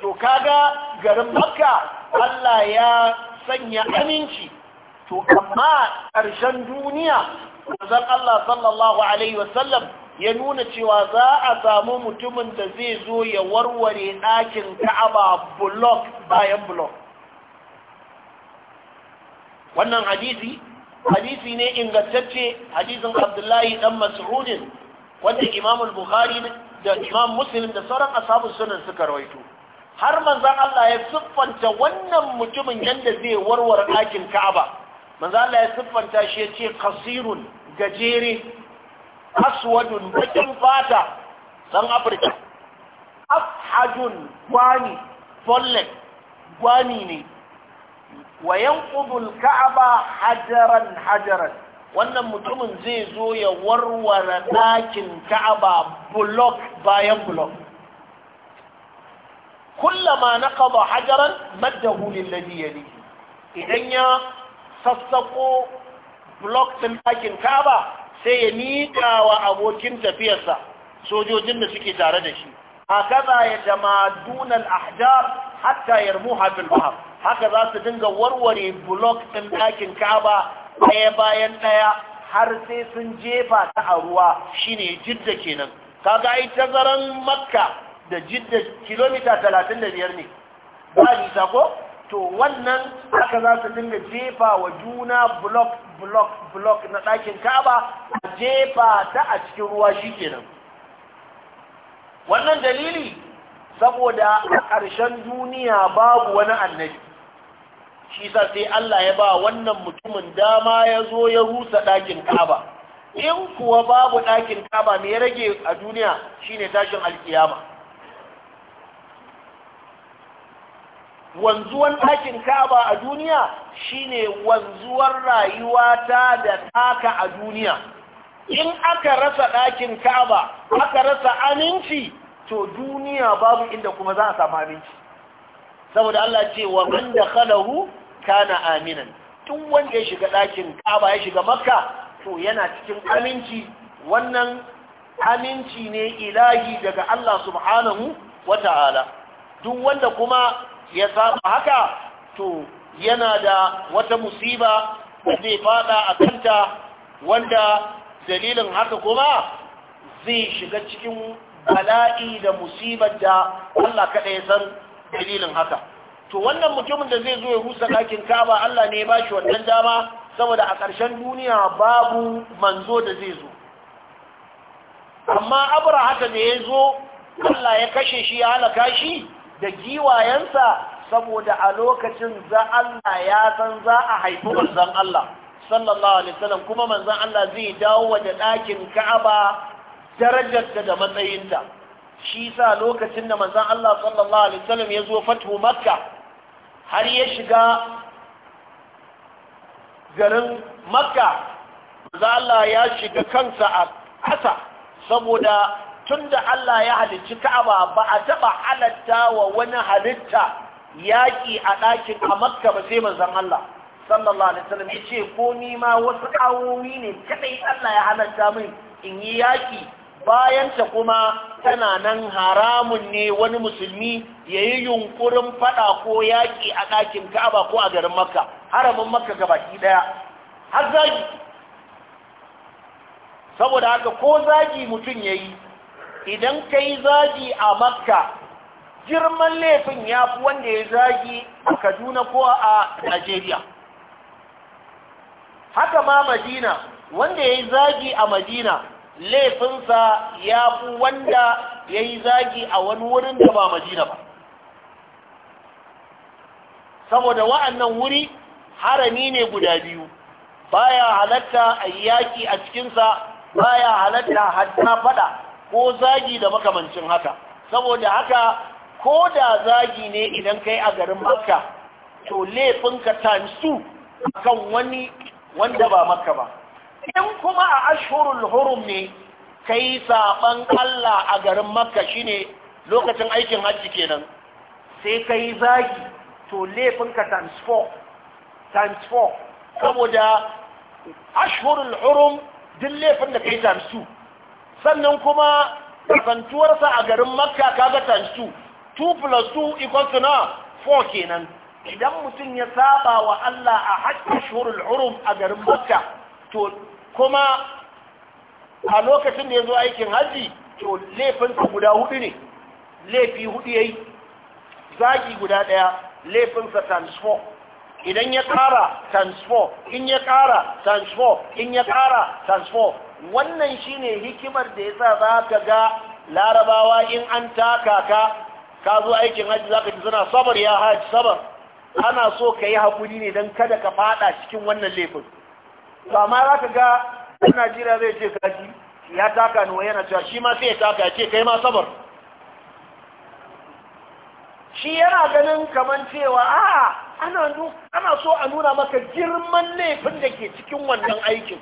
to kaga garin makka Allah ya sanya aminci to amma ƙarshen duniya manzon Allah sallallahu alaihi wasallam ya nuna cewa za a samu mutumin da zai zo ya warware ɗakin ka'aba blok bayan blok wannan hadisi hadisi ne ingantacce hadisin abdullahi dan mas'udin wanda imam bukhari da imam muslim da sauran ashabu sunan suka rawaito har manzon Allah ya siffanta wannan mutumin yanda zai warware ɗakin ka'aba manzon Allah ya siffanta shi ya ce kasirun gajere aswadun bakin fata dan Afrika. afhajun gwani follet gwani ne Wayan yanqudul ka'aba hajaran hajaran wannan mutumin zai zo ya warware ɗakin ka'aba block bayan block kullama naqada hajaran maddahu lilladhi yalihi idan ya sassako block ɗin ɗakin ka'aba sai ya miƙa wa abokin tafiyarsa sojojin da suke tare da shi A ya jama dunan ahjar hatta yarmu hafil bahar haka za su dinga warware blok ɗin ɗakin kaba ɗaya bayan ɗaya har sai sun jefa ta a ruwa shine jidda kenan kaga ai tazaran makka da jidda kilomita 35 ne ba nisa ko to wannan haka za su dinga jefa wa juna blok blok blok na ɗakin kaba a jefa ta a cikin ruwa shi kenan wannan dalili saboda a ƙarshen duniya babu wani annabi shi sa sai Allah ya ba wannan mutumin dama ya zo ya rusa ɗakin kaba in kuwa babu ɗakin kaba mai rage a duniya shine tashin alkiyama wanzuwan ɗakin kaba a duniya shine wanzuwar rayuwa ta da taka a duniya in aka rasa ɗakin kaba aka rasa aminci to duniya babu inda kuma za a samu aminci saboda Allah ce wa man dakhalahu kana aminan duk wanda ya shiga ɗakin kaba ya shiga makka to yana cikin aminci wannan aminci ne ilahi daga Allah subhanahu wa ta'ala duk wanda kuma ya samu haka to yana da wata musiba da zai fada a kanta wanda dalilin haka kuma zai shiga cikin bala'i da musibar da Allah kada ya san dalilin haka to wannan mutumin da zai zo ya rusa ɗakin kaba Allah ne ba shi wannan dama saboda a ƙarshen duniya babu manzo da zai zo amma abra haka da ya zo Allah ya kashe shi ya halaka shi da giwayensa saboda a lokacin za Allah ya san za a haifi manzon Allah sallallahu alaihi wasallam kuma manzon Allah zai dawo da ɗakin Ka'aba darajarta da matsayinta shi sa lokacin da manzon Allah sallallahu alaihi wasallam ya zo fatu Makka har ya shiga garin Makka manzon Allah ya shiga kansa a ƙasa saboda tun da Allah ya halicci Ka'aba ba a taɓa halatta wa wani halitta yaƙi a ɗakin a Makka ba sai manzon Allah sallallahu alaihi wasallam ya ce ko ni ma wasu kawomi ne kadai Allah ya halatta min in yi yaƙi bayanta kuma tana nan haramun ne wani musulmi ya yi yunkurin faɗa ko yaƙi a ɗakin Ka'aba ko a garin Makka haramin Makka gabaki ɗaya har zagi saboda haka ko zagi mutum ya yi idan ka yi zagi a makka girman laifin ya fi wanda ya zagi a kaduna ko a najeriya haka ma madina wanda ya yi zagi a madina laifinsa ya fi wanda ya yi zagi a wani wurin da ba madina ba saboda wa'annan wuri harami ne guda biyu baya halatta a yaki a cikinsa baya halatta hatta fada ko zagi da makamancin haka saboda haka ko da zagi ne idan kai a garin makka to laifinka times two akan wani wanda ba makka ba in kuma a ashurul hurum ne kai saban Allah a garin makka shine lokacin aikin hajji kenan sai kai zagi to laifinka times four, times four. saboda ashurul hurum duk laifin da kai times two. sannan kuma kasantuwarsa a garin makka kaga times 2 2 plus 2 equals to na 4 kenan idan mutum ya saba wa Allah a haƙƙin shurul hurum a garin makka to kuma a lokacin da ya zo aikin hajji to laifinsa guda hudu ne laifi hudu ya yi zagi guda ɗaya laifinsa 4 idan ya ƙara transform in ya ƙara transform in ya ƙara transform wannan shine hikimar da yasa za ka ga larabawa in an taka ka ka zo aikin hajji za ka ji suna sabar ya hajji sabar ana so ka yi haƙuri ne don kada ka fada cikin wannan laifin ba ma za ka ga ɗan najeriya zai ce kaji ya taka ni yana cewa shi ma sai ya taka ya ce kai ma sabar shi yana ganin kamar cewa a ana so a nuna maka girman laifin da ke cikin wannan aikin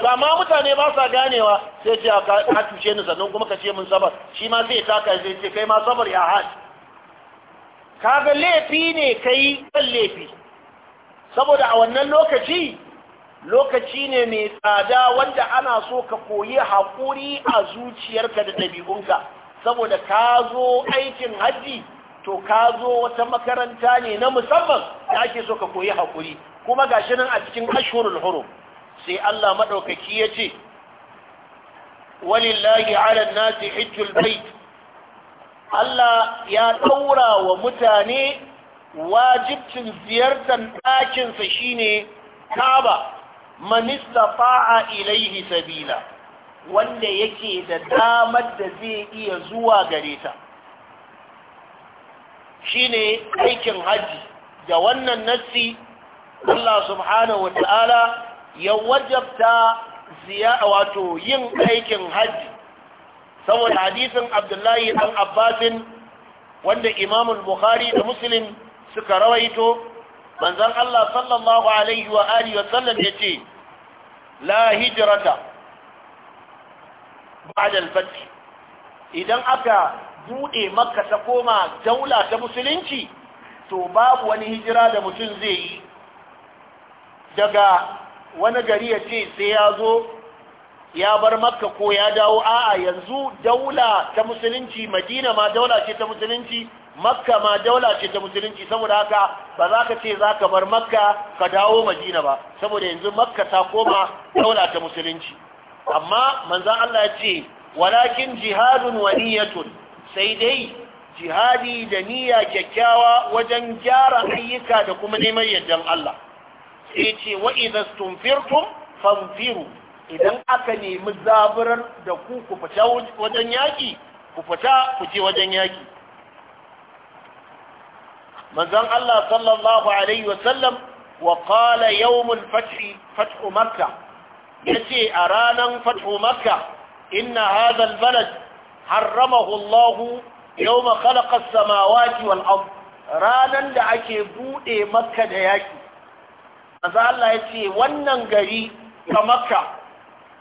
to mutane ba sa ganewa sai ce a tushe ni sannan kuma ka ce mun sabar shi ma zai taka zai ce kai ma sabar ya haji kaga laifi ne kai kan laifi saboda a wannan lokaci lokaci ne mai tsada wanda ana so ka koyi haƙuri a zuciyarka da ɗabi'unka saboda ka zo aikin hajji to ka zo wata makaranta ne na musamman da ake so ka koyi haƙuri kuma gashi nan a cikin ashurul hurum sai Allah maɗaukaki ya ce walillahi ala nasi hijjul bait Allah ya ɗaura wa mutane wajibcin ziyartar ɗakinsa shine Kaaba manista fa'a ilaihi sabila wanda yake da damar da zai iya zuwa gare ta shine aikin hajji. da wannan nassi Allah subhanahu wa ta'ala ya wajabta ziya wato yin aikin hajji saboda hadisin abdullahi ɗan abbasin wanda imamun bukhari da muslim suka rawaito manzon Allah sallallahu alaihi wa alihi wa sallam yace la hijrata ba'da al-fath idan aka bude makka ta koma daula ta musulunci to babu wani hijira da mutum zai yi daga wani gari ya ce sai ya zo ya bar makka ko ya dawo a'a yanzu daula ta musulunci madina ma daula ce ta musulunci makka ma daula ce ta musulunci saboda haka ba za ka ce za ka bar makka ka dawo madina ba saboda yanzu makka ta koma daula ta musulunci amma manzan Allah ya ce walakin jihadun wa niyyatun sai dai jihadi da niyya kyakkyawa wajen gyara ayyuka da kuma neman yardan Allah sai ce wa idan stumfirtum famfiru idan aka nemi zaburar da ku ku fita wajen yaƙi ku fita ku je wajen yaƙi manzon Allah sallallahu alaihi wa sallam wa qala yawmul fathi fathu makka yace a ranan fathu makka inna hadha albalad harramahu Allah yawma khalaqa as-samawati wal ard ranan da ake bude makka da yaƙi maza Allah ya ce wannan gari ta maka.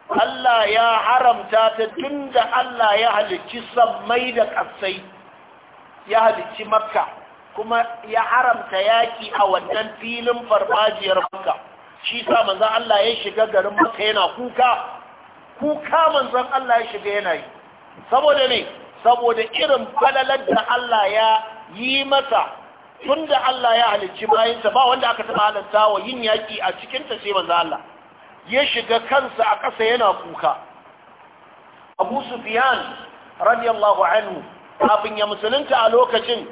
Allah ya haramta ta tun da Allah ya halicci sammai da ƙasai ya halicci maka. kuma ya haramta yaki a wannan filin farfajiyar maka. shi sa manzan Allah ya shiga garin makka yana kuka kuka manzan Allah ya shiga yana yi saboda ne saboda irin falalar da Allah ya yi masa tun da Allah ya halicci bayansa ba wanda aka taɓa halatta wa yin yaƙi a cikinta sai manzo Allah ya shiga kansa a ƙasa yana kuka Abu Sufyan radiyallahu anhu kafin ya musulunta a lokacin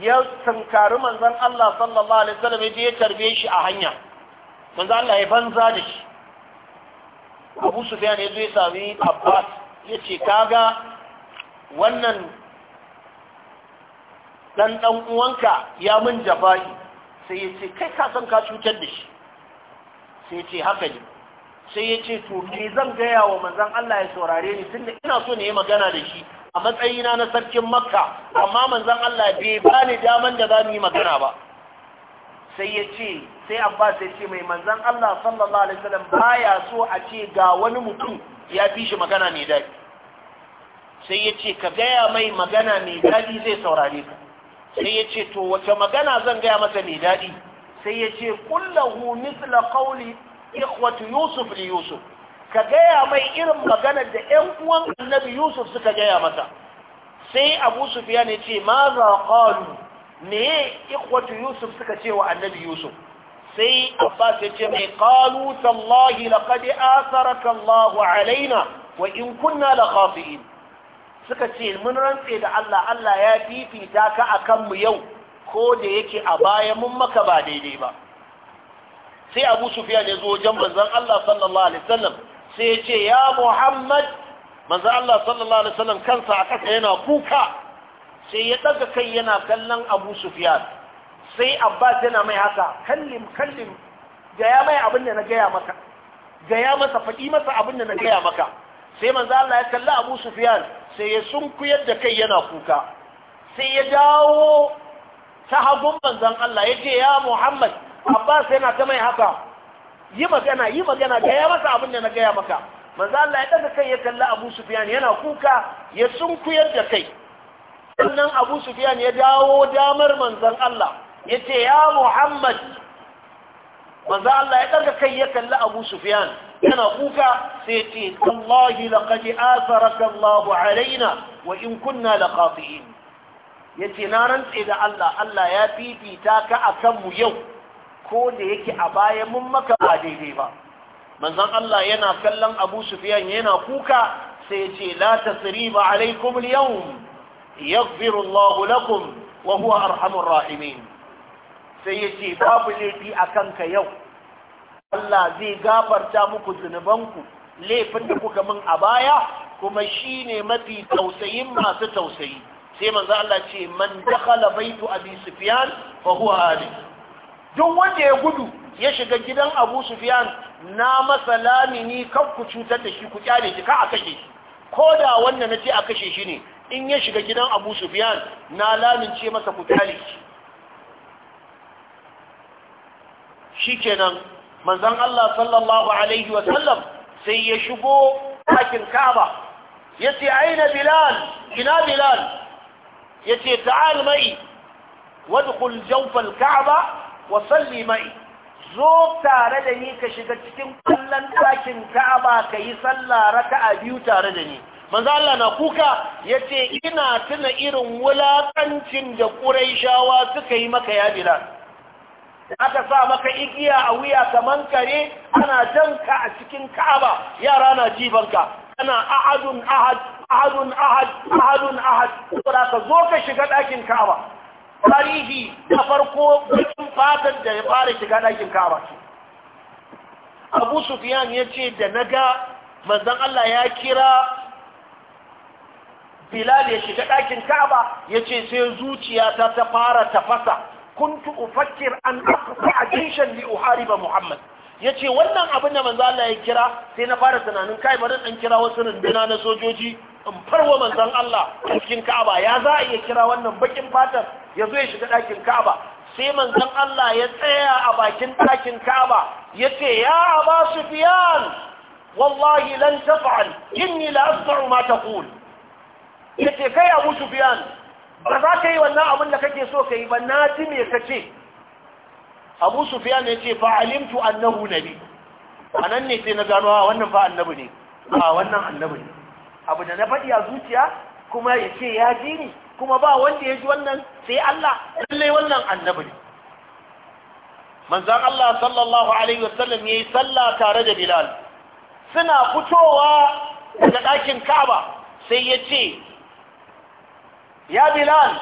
ya tunkari manzon Allah sallallahu alaihi wasallam ya tarbe shi a hanya manzo Allah ya banza da shi Abu Sufyan ya zo ya sami Abbas ya ce kaga wannan dan dan uwanka ya mun jafa'i sai ya ce kai ka san ka cutar da shi sai ya ce haka ne sai ya ce to me zan gaya wa manzon Allah ya saurare ni tunda ina so ne yi magana da shi a matsayina na sarkin makka amma manzon Allah bai bani daman da zan yi magana ba sai ya ce sai abbas ya ce mai manzan allah sallallahu alaihi wasallam baya so a ce ga wani mutum ya fi shi magana mai daɗi sai ya ce ka gaya mai magana mai daɗi zai saurare ka sai ya ce to wace magana zan gaya masa mai daɗi sai ya ce kullahu misla qawli ikhwatu yusuf li yusuf ka gaya mai irin maganar da ƴan uwan annabi yusuf suka gaya masa sai abu sufyan ya ce ma za qalu me ikhwatu yusuf suka ce wa annabi yusuf sai abbas ya ce mai qalu tallahi laqad atharaka allah alaina wa in kunna la khafi'in suka ce mun rantse da Allah Allah ya fifita ka a kanmu yau ko da yake a baya mun maka ba daidai ba sai Abu Sufyan ya zo wajen manzon Allah sallallahu alaihi wasallam sai ya ce ya Muhammad manzon Allah sallallahu alaihi wasallam kansa a kasa yana kuka sai ya daga kai yana kallon Abu Sufyan sai Abbas yana mai haka kallim kallim gaya mai abin da na gaya maka gaya masa faɗi masa abin da na gaya maka sai manzo Allah ya kalli Abu Sufyan sai ya sunkuyar da kai yana kuka sai ya dawo ta hagun manzan Allah ya ce ya Muhammad Abbas yana ta mai haka yi magana yi magana gaya masa abin da na gaya maka manzan Allah ya daga kai ya kalla Abu Sufyan yana kuka ya sunkuyar da kai sannan Abu Sufyan ya dawo damar manzan Allah ya ce ya Muhammad manzan Allah ya ɗaga kai ya kalli Abu Sufyan yana kuka sai ce tallahi laqad atharaka Allahu alaina wa in kunna laqatiin yace na rantse da Allah Allah ya fifita ka a kanmu yau ko da yake a baya mun maka ba daidai ba manzon Allah yana kallon Abu Sufyan yana kuka sai ce la tasriba alaikum al-yawm yaghfiru Allahu lakum wa huwa arhamur rahimin sai yace babu laifi akan ka yau Allah zai gafarta muku zunubanku laifin da kuka min a baya kuma shi ne mafi tausayin masu tausayi sai manzo Allah ce man dakhala baitu abi sufyan fa huwa ali duk wanda ya gudu ya shiga gidan abu sufyan na masa lamini kan ku cutar da shi ku kyale shi ka a kashe shi ko da wannan nace a kashe shi ne in ya shiga gidan abu sufyan na lamince masa ku kyale shi shikenan manzon Allah sallallahu alaihi wa sallam sai ya shigo ɗakin Ka'aba yace aina Bilal ina Bilal yace ta'al mai wadkhul jawf al-Ka'aba wa salli mai zo tare da ni ka shiga cikin kallon ɗakin Ka'aba kayi sallah raka'a biyu tare da ni manzo Allah na kuka yace ina tuna irin wulakancin da Quraishawa suka yi maka ya Bilal aka sa maka igiya a wuya kamar kare ana janka a cikin ka'aba yara na jibanka kana ahadun ahad ahadun ahad ahadun ahad saboda ka zo ka shiga ɗakin ka'aba tarihi na farko bakin fatan da ya fara shiga ɗakin ka'aba abu sufiyan ya ce da na ga manzan allah ya kira bilal ya shiga ɗakin ka'aba ya ce sai zuciyata ta fara tafasa kuntu ufakkir an aqta jinshan li hariba muhammad yace wannan abin da manzo Allah ya kira sai na fara tunanin kai bari dan kira wasu runduna na sojoji in farwa manzon Allah cikin Ka'aba ya za a iya kira wannan bakin fatar ya zo ya shiga ɗakin Ka'aba sai manzon Allah ya tsaya a bakin ɗakin Ka'aba yace ya Aba Sufyan wallahi lan taf'al inni la asma'u ma taqul yace kai Abu Sufyan ba za ka yi wannan abin da kake so ka yi ba na ji me ka ce abu sufiyan ya ce fa'alimtu annahu nabi a nan ne sai na gano a ah, wannan fa annabi ne a ah, wannan annabu ne abu da na faɗi a zuciya kuma ya ce ya ji ni kuma ba wanda ya ji wannan sai Allah lallai wannan annabu ne manzan Allah sallallahu alaihi wasallam ya yi sallah tare da Bilal suna fitowa daga ɗakin Ka'aba sai ya ce يا بلال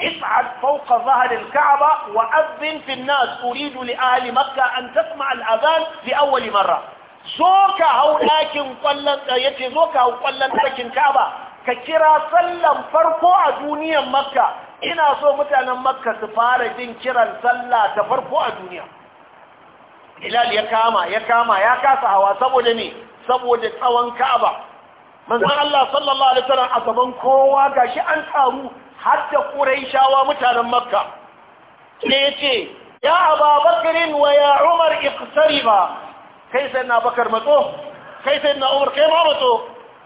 اصعد فوق ظهر الكعبة وأذن في الناس أريد لأهل مكة أن تسمع الأذان لأول مرة زوكا أو لكن قلن يتي زوكا أو قلن لكن كعبة ككرا سلم فرقوا دنيا مكة إن أصو مثلا مكة سفارة دين كرا سلا تفرقوا دنيا إلال يكاما يكاما يكاسا هوا سبو دني سبو دي سوان كعبة manzon Allah sallallahu alaihi wasallam a gaban kowa ga shi an taru har da shawa mutanen Makka ne ce ya Aba Bakr wa ya Umar ba kai sai na Bakar matso kai sai na Umar kai ma matso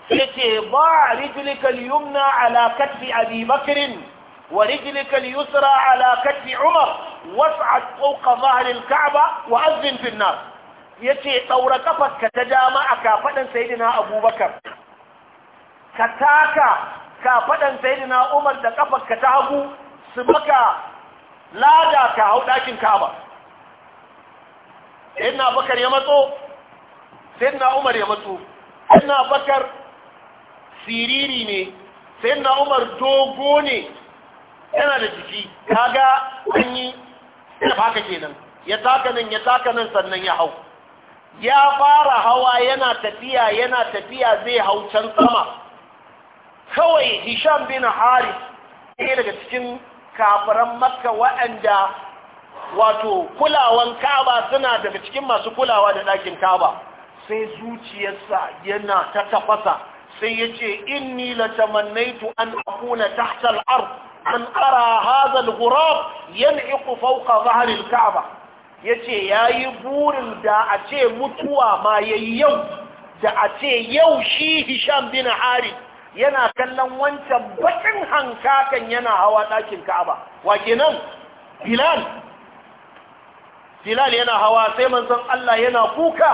ce ba rijlika al-yumna ala katfi Abi Bakr wa rijlika yusra ala katfi Umar was'ad fawqa dhahr Ka'aba wa azin fi an-nar yace daura kafarka ta dama a kafadan sayyidina Abubakar ka taka ka faɗan sayidina umar da ƙafarka ta hagu su maka lada ka hau ɗakin kaba ina bakar ya matso sayidina umar ya matso ina bakar siriri ne sayidina umar dogo ne yana da jiki kaga an yi haka kenan ya taka nan ya taka nan sannan ya hau ya fara hawa yana tafiya yana tafiya zai hau can sama kawai hisham bin haris ɗaya daga cikin kafiran makka waɗanda wato kulawan kaba suna daga cikin masu kulawa da ɗakin kaba sai zuciyarsa yana ta tafasa sai ya ce inni la tamannaitu an akuna tahta al-ard an ara hadha al-ghurab yan'iqu fawqa dhahri al-ka'ba yace yayi burin da a ce mutuwa ma yau da a ce yau shi Hisham bin Harith yana kallon wancan bakin hankakan yana hawa ɗakin ka'aba wa nan, bilal bilal yana hawa sai manzon Allah yana kuka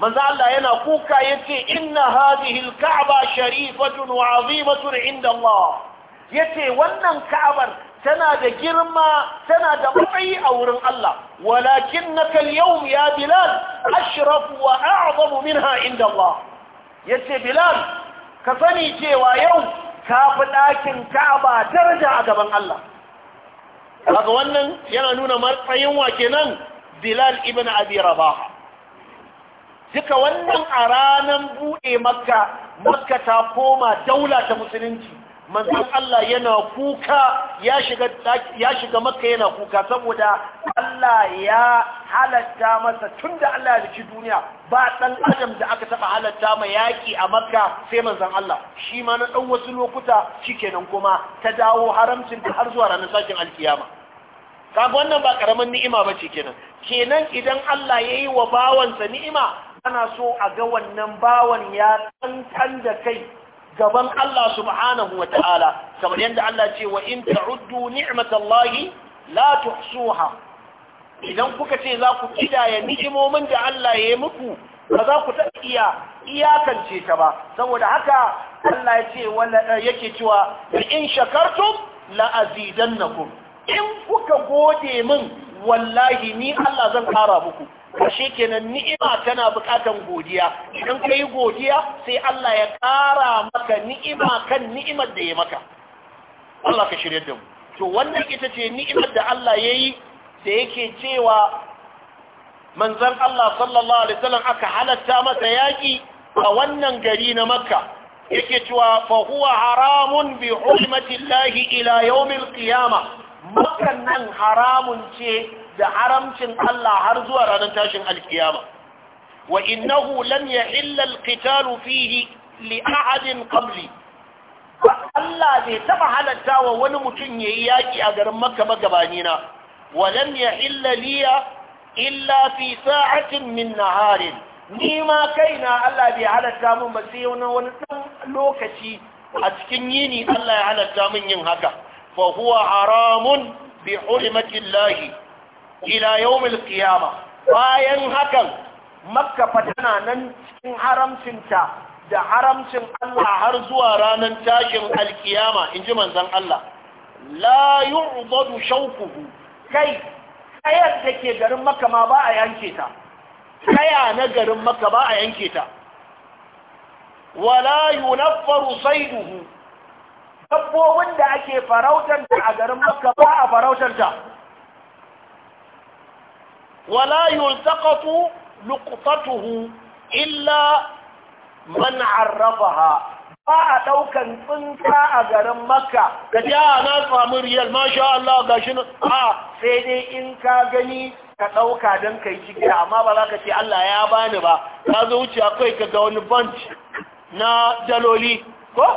manzon Allah yana kuka yace inna hadhihi al-ka'ba sharifatun wa 'azimatun 'inda Allah yace wannan ka'abar tana da girma tana da matsayi a wurin Allah walakinnaka al ya bilal ashraf wa a'zamu minha 'inda Allah yace bilal ka sani cewa yau ka fi ɗakin ka'aba daraja a gaban Allah daga wannan yana nuna matsayin wa nan bilal ibn abi rabaha duka wannan a ranar buɗe makka makka ta koma daula ta musulunci manzon Allah yana kuka ya shiga ya shiga makka yana kuka saboda Allah ya halatta masa tunda Allah ya riki duniya ba dan adam da aka taba halatta ma yaki a makka sai manzon Allah shi ma na dan wasu lokuta shikenan kuma ta dawo haramcin ta har zuwa ranar sakin alkiyama kafin wannan ba karaman ni'ima ba ce kenan kenan idan Allah yayi wa bawansa ni'ima ana so a ga wannan bawan ya tantan da kai gaban Allah subhanahu wa ta'ala kamar yadda Allah ce wa in ta'uddu ni'matallahi la tuhsuha idan kuka ce za ku kidaya ni'imomin da Allah ya yi muku ba za ku ta iya iyakance ta ba saboda haka Allah ya ce cewa eh, yake cewa in shakartum la azidannakum in kuka gode min wallahi ni Allah zan kara muku to kenan ni'ima tana bukatan godiya idan ka yi godiya sai Allah ya ƙara maka ni'ima kan ni'imar da ya maka Allah ka shirya da mu to wannan ita ce ni'imar da Allah ya yi da yake cewa manzan Allah sallallahu alaihi wasallam aka halatta masa yaƙi a wannan gari na Makka yake cewa fa huwa haramun bi hurmatillahi ila yawmil ƙiyama. Makkan nan haramun ce da haramcin Allah har zuwa ranar tashin alkiyama wa innahu lam yahilla alqitalu fihi li ahadin qabli Allah bai taba halatta wa wani mutum yayi yaki a garin Makka ba gabani na wa lam yahilla liya illa fi sa'atin min naharin ni ma kaina Allah bai halatta mun ba sai wani dan lokaci a cikin yini Allah ya halatta mun yin haka fa huwa haramun bi hurmatillahi ila yawmil qiyama bayan hakan makka tana nan cikin haramcinta da haramcin Allah har zuwa ranar tashin alkiyama inji manzon Allah la yu'dadu shawquhu kai kayar da ke garin makka ma ba a yanke ta kaya na garin makka ba a yanke ta wala yunaffaru saiduhu dabbobin da ake farautar a garin makka ba a farautar ta wala yultaqatu luqtatuhu illa man arrafaha ba a ɗaukan tsinka a garin makka ka ji a na samu riyal masha Allah gashi a sai dai in ka gani ka ɗauka don kai ciki amma ba za ka ce Allah ya bani ba ka zo wuce akwai ka ga wani bunch na daloli ko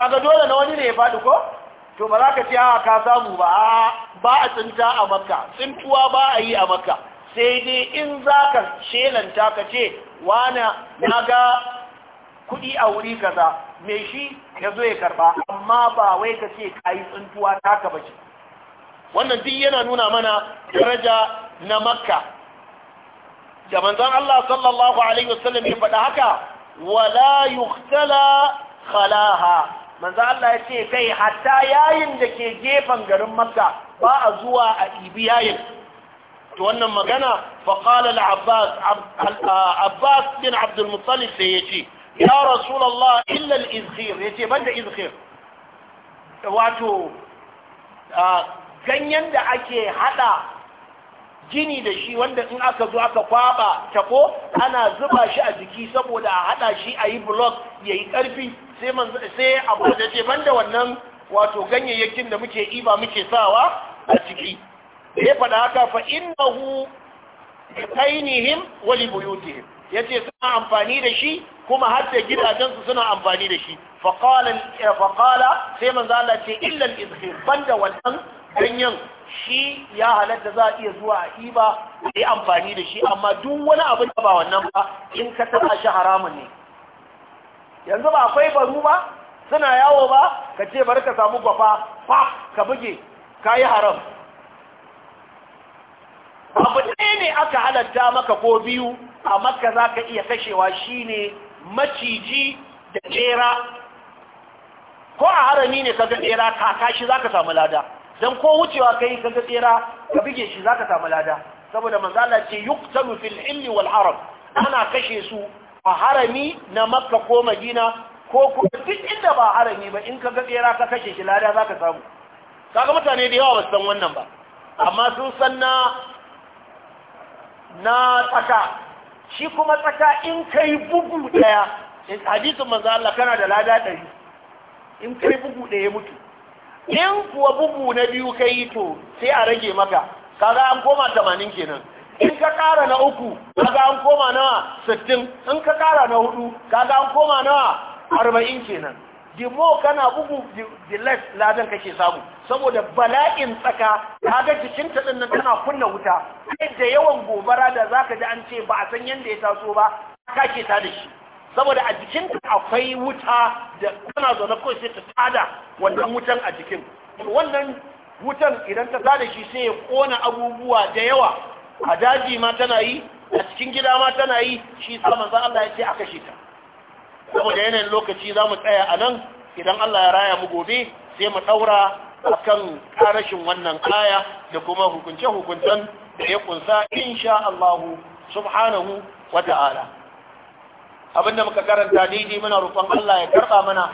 kaga dole na wani ne ya faɗi ko to ba za ka ce a ka samu ba ba a tsinta a makka tsintuwa ba a yi a makka sai dai in za ka shelanta ka ce wana na ga kudi a wuri kaza mai shi ya zo ya karba amma ba wai ka ce ka yi tsuntuwa taka ba ce wannan duk yana nuna mana daraja na makka da manzan Allah sallallahu alaihi wasallam ya faɗa haka wala yuktala khalaha manzo Allah ya ce kai hatta yayin da ke gefen garin Makka ba a zuwa a ibi yayin ta wannan magana faƙala al'abbas abbas bin abdulmutsalif sai ya ce ya rasulallah illal izhir ya ce ban da izhir wato ganyen da ake hada jini da shi wanda in aka zo aka kwaba tako ana zuba shi a jiki saboda a hada shi a yi blok ya yi karfi sai abu da ce ban da wannan wato ganyayyakin da muke iba muke sawa a ciki da ya faɗa haka fa innahu ainihim wa li buyutihim yace suna amfani da shi kuma har da gidajensu suna amfani da shi faƙala sai manzo Allah ce illan al banda wannan ganyen shi ya halatta za a iya zuwa a iba da ya amfani da shi amma duk wani abin da ba wannan ba in ka taɓa shi haramun ne yanzu ba akwai baru ba suna yawo ba ka ce bari ka samu gwafa fa ka buge ka yi haram abu ɗaya ne aka halatta maka ko biyu a makka za ka iya kashewa shi ne maciji da tsera? ko a harami ne kaga tsera kaka shi za ka samu lada don ko wucewa ka yi kaga tsera ka bige shi za ka samu lada saboda manzala ce yuktalu fil ilmi wal haram ana kashe su a harami na maka ko madina ko kuma duk inda ba harami ba in kaga tsera ka kashe shi lada za ka samu kaga mutane da yawa ba su san wannan ba amma sun san na na tsaka shi kuma tsaka in kai bugu daya hadisin manzo Allah kana da lada ɗari in kai bugu daya mutu in kuwa bugu na biyu kai to sai a rage maka kaga an koma tamanin kenan in ka kara na uku kaga an koma nawa sittin in ka kara na hudu kaga an koma nawa arba'in kenan dimo kana bugu the less ladan kake samu saboda bala'in tsaka kaga jikin ta dinnan tana kunna wuta da yawan gobara da zaka ji an ce ba a san yanda ya taso ba kake ta da shi saboda a jikin ta akwai wuta da tana zaune na ta tada wannan wutan a jikin wannan wutan idan ta tada shi sai ya kona abubuwa da yawa a daji ma tana yi a cikin gida ma tana yi shi sa manzon Allah ya ce a kashe ta saboda yanayin lokaci za mu tsaya a nan idan Allah ya raya mu gobe sai mu daura. akan karashin wannan aya da kuma hukunce-hukuncen da ya kunsa insha Allah subhanahu wa ta'ala abinda muka karanta daidai muna roƙon Allah ya karba mana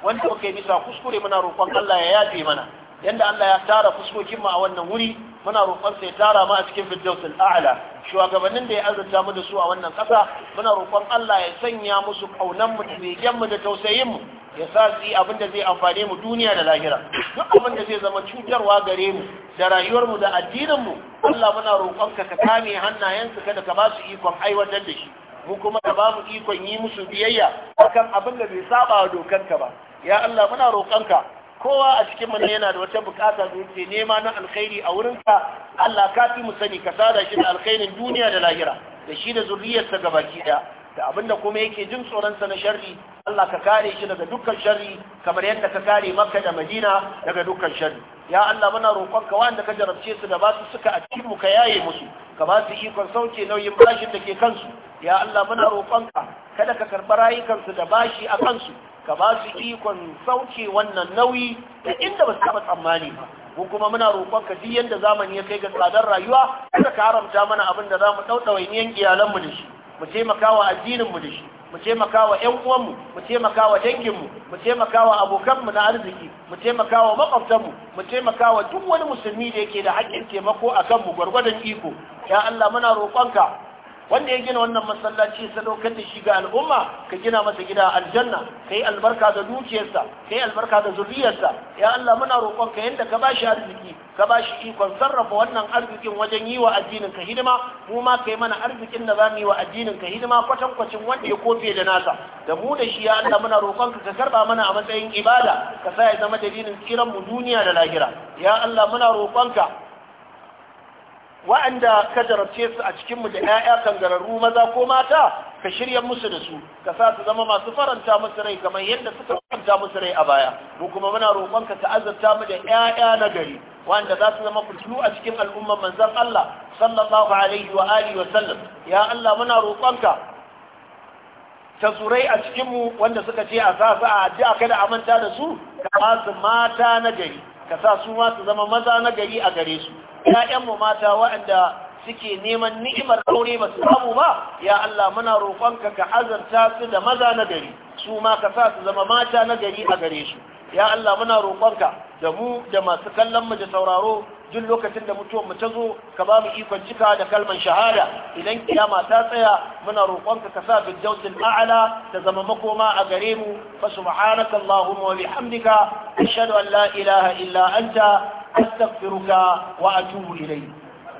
wanda muka yi bisa kuskure muna roƙon Allah ya yafe mana yanda Allah ya tara fuskokin mu a wannan wuri muna roƙon sai tara mu a cikin firdausul a'la shugabannin da ya azurta mu da su a wannan ƙasa muna roƙon Allah ya sanya musu kaunan mu da begen mu da tausayin mu ya sa su yi abin da zai amfane mu duniya da lahira duk abin da zai zama cutarwa gare mu da rayuwarmu da addininmu Allah muna roƙonka ka kame hannayensu kada ka ba su ikon aiwatar da shi mu kuma ka ba mu ikon yi musu biyayya akan abin da bai saba wa dokanka ba ya Allah muna roƙonka kowa a cikin mu yana da wata bukata da yake nema na alkhairi a wurin ka. Allah ka fi mu sani ka sada shi da alkhairin duniya da lahira da shi da zuriyarsa gabaki daya da abinda kuma yake jin tsoronsa na sharri Allah ka kare shi daga dukkan sharri kamar yadda ka kare Makka da Madina daga dukkan sharri ya Allah muna roƙon ka wanda ka jarabce su da ba su suka a cikin mu ka yaye musu ka ba su ikon sauke nauyin bashin da ke kansu ya Allah muna roƙon ka kada ka karɓi rayukansu da bashi a kansu ka ba su ikon sauke wannan nauyi da inda ba su taɓa tsammani ba ko kuma muna roƙon ka duk yadda zamani ya kai ga tsadar rayuwa kada ka haramta mana abin da za mu ɗauɗawa iyalan iyalanmu da shi mu taimaka wa addininmu da shi mu taimaka wa ƴan uwanmu mu taimaka wa danginmu mu taimaka wa abokanmu na arziki mu taimaka wa makwabtanmu mu taimaka wa duk wani musulmi da yake da haƙƙin taimako a kanmu gwargwadon iko ya Allah muna roƙonka wanda ya gina wannan masallaci sadaukar da shi ga al'umma ka gina masa gida aljanna ka yi albarka da dukiyarsa ka yi albarka da zuriyarsa ya Allah muna roƙonka yadda ka bashi arziki ka ba shi ikon sarrafa wannan arzikin wajen yi wa addinin ka hidima mu ma kai mana arzikin da zamu yi wa addinin ka hidima kwatankwacin wanda ya kofe da nasa da mu da shi ya Allah muna roƙon ka karba mana a matsayin ibada ka sa ya zama dalilin tsiran mu duniya da lahira ya Allah muna roƙon ka wa'anda ka jarabce su a cikin mu da ƴaƴa kangararru maza ko mata ka shirya musu da su ka sa su zama masu faranta musu rai kamar yadda suka faranta musu rai a baya mu kuma muna roƙon ka ka azabta mu da ƴaƴa na gari wanda za su zama fitilu a cikin al'umman manzan Allah sallallahu alaihi wa alihi wa sallam ya Allah muna roƙonka ta surai a cikin mu wanda suka ce a sa su a kada a manta da su ka ba su mata na gari ka sa su ma su zama maza na gari a gare su ƴaƴan mu mata waɗanda suke neman ni'imar aure ba su samu ba ya Allah muna roƙonka ka azarta su da maza na gari su ma ka sa su zama mata na gari a gare su ya Allah muna roƙonka da mu da masu kallon mu da sauraro duk lokacin da mutuwar mu ta zo ka ba mu ikon cika da kalman shahada idan kiyama ta tsaya muna roƙonka ka sa bijjawtul a'ala ta zama makoma a gare mu fa subhanaka allahumma wa bihamdika ashhadu an la ilaha illa anta astaghfiruka wa atubu ilayk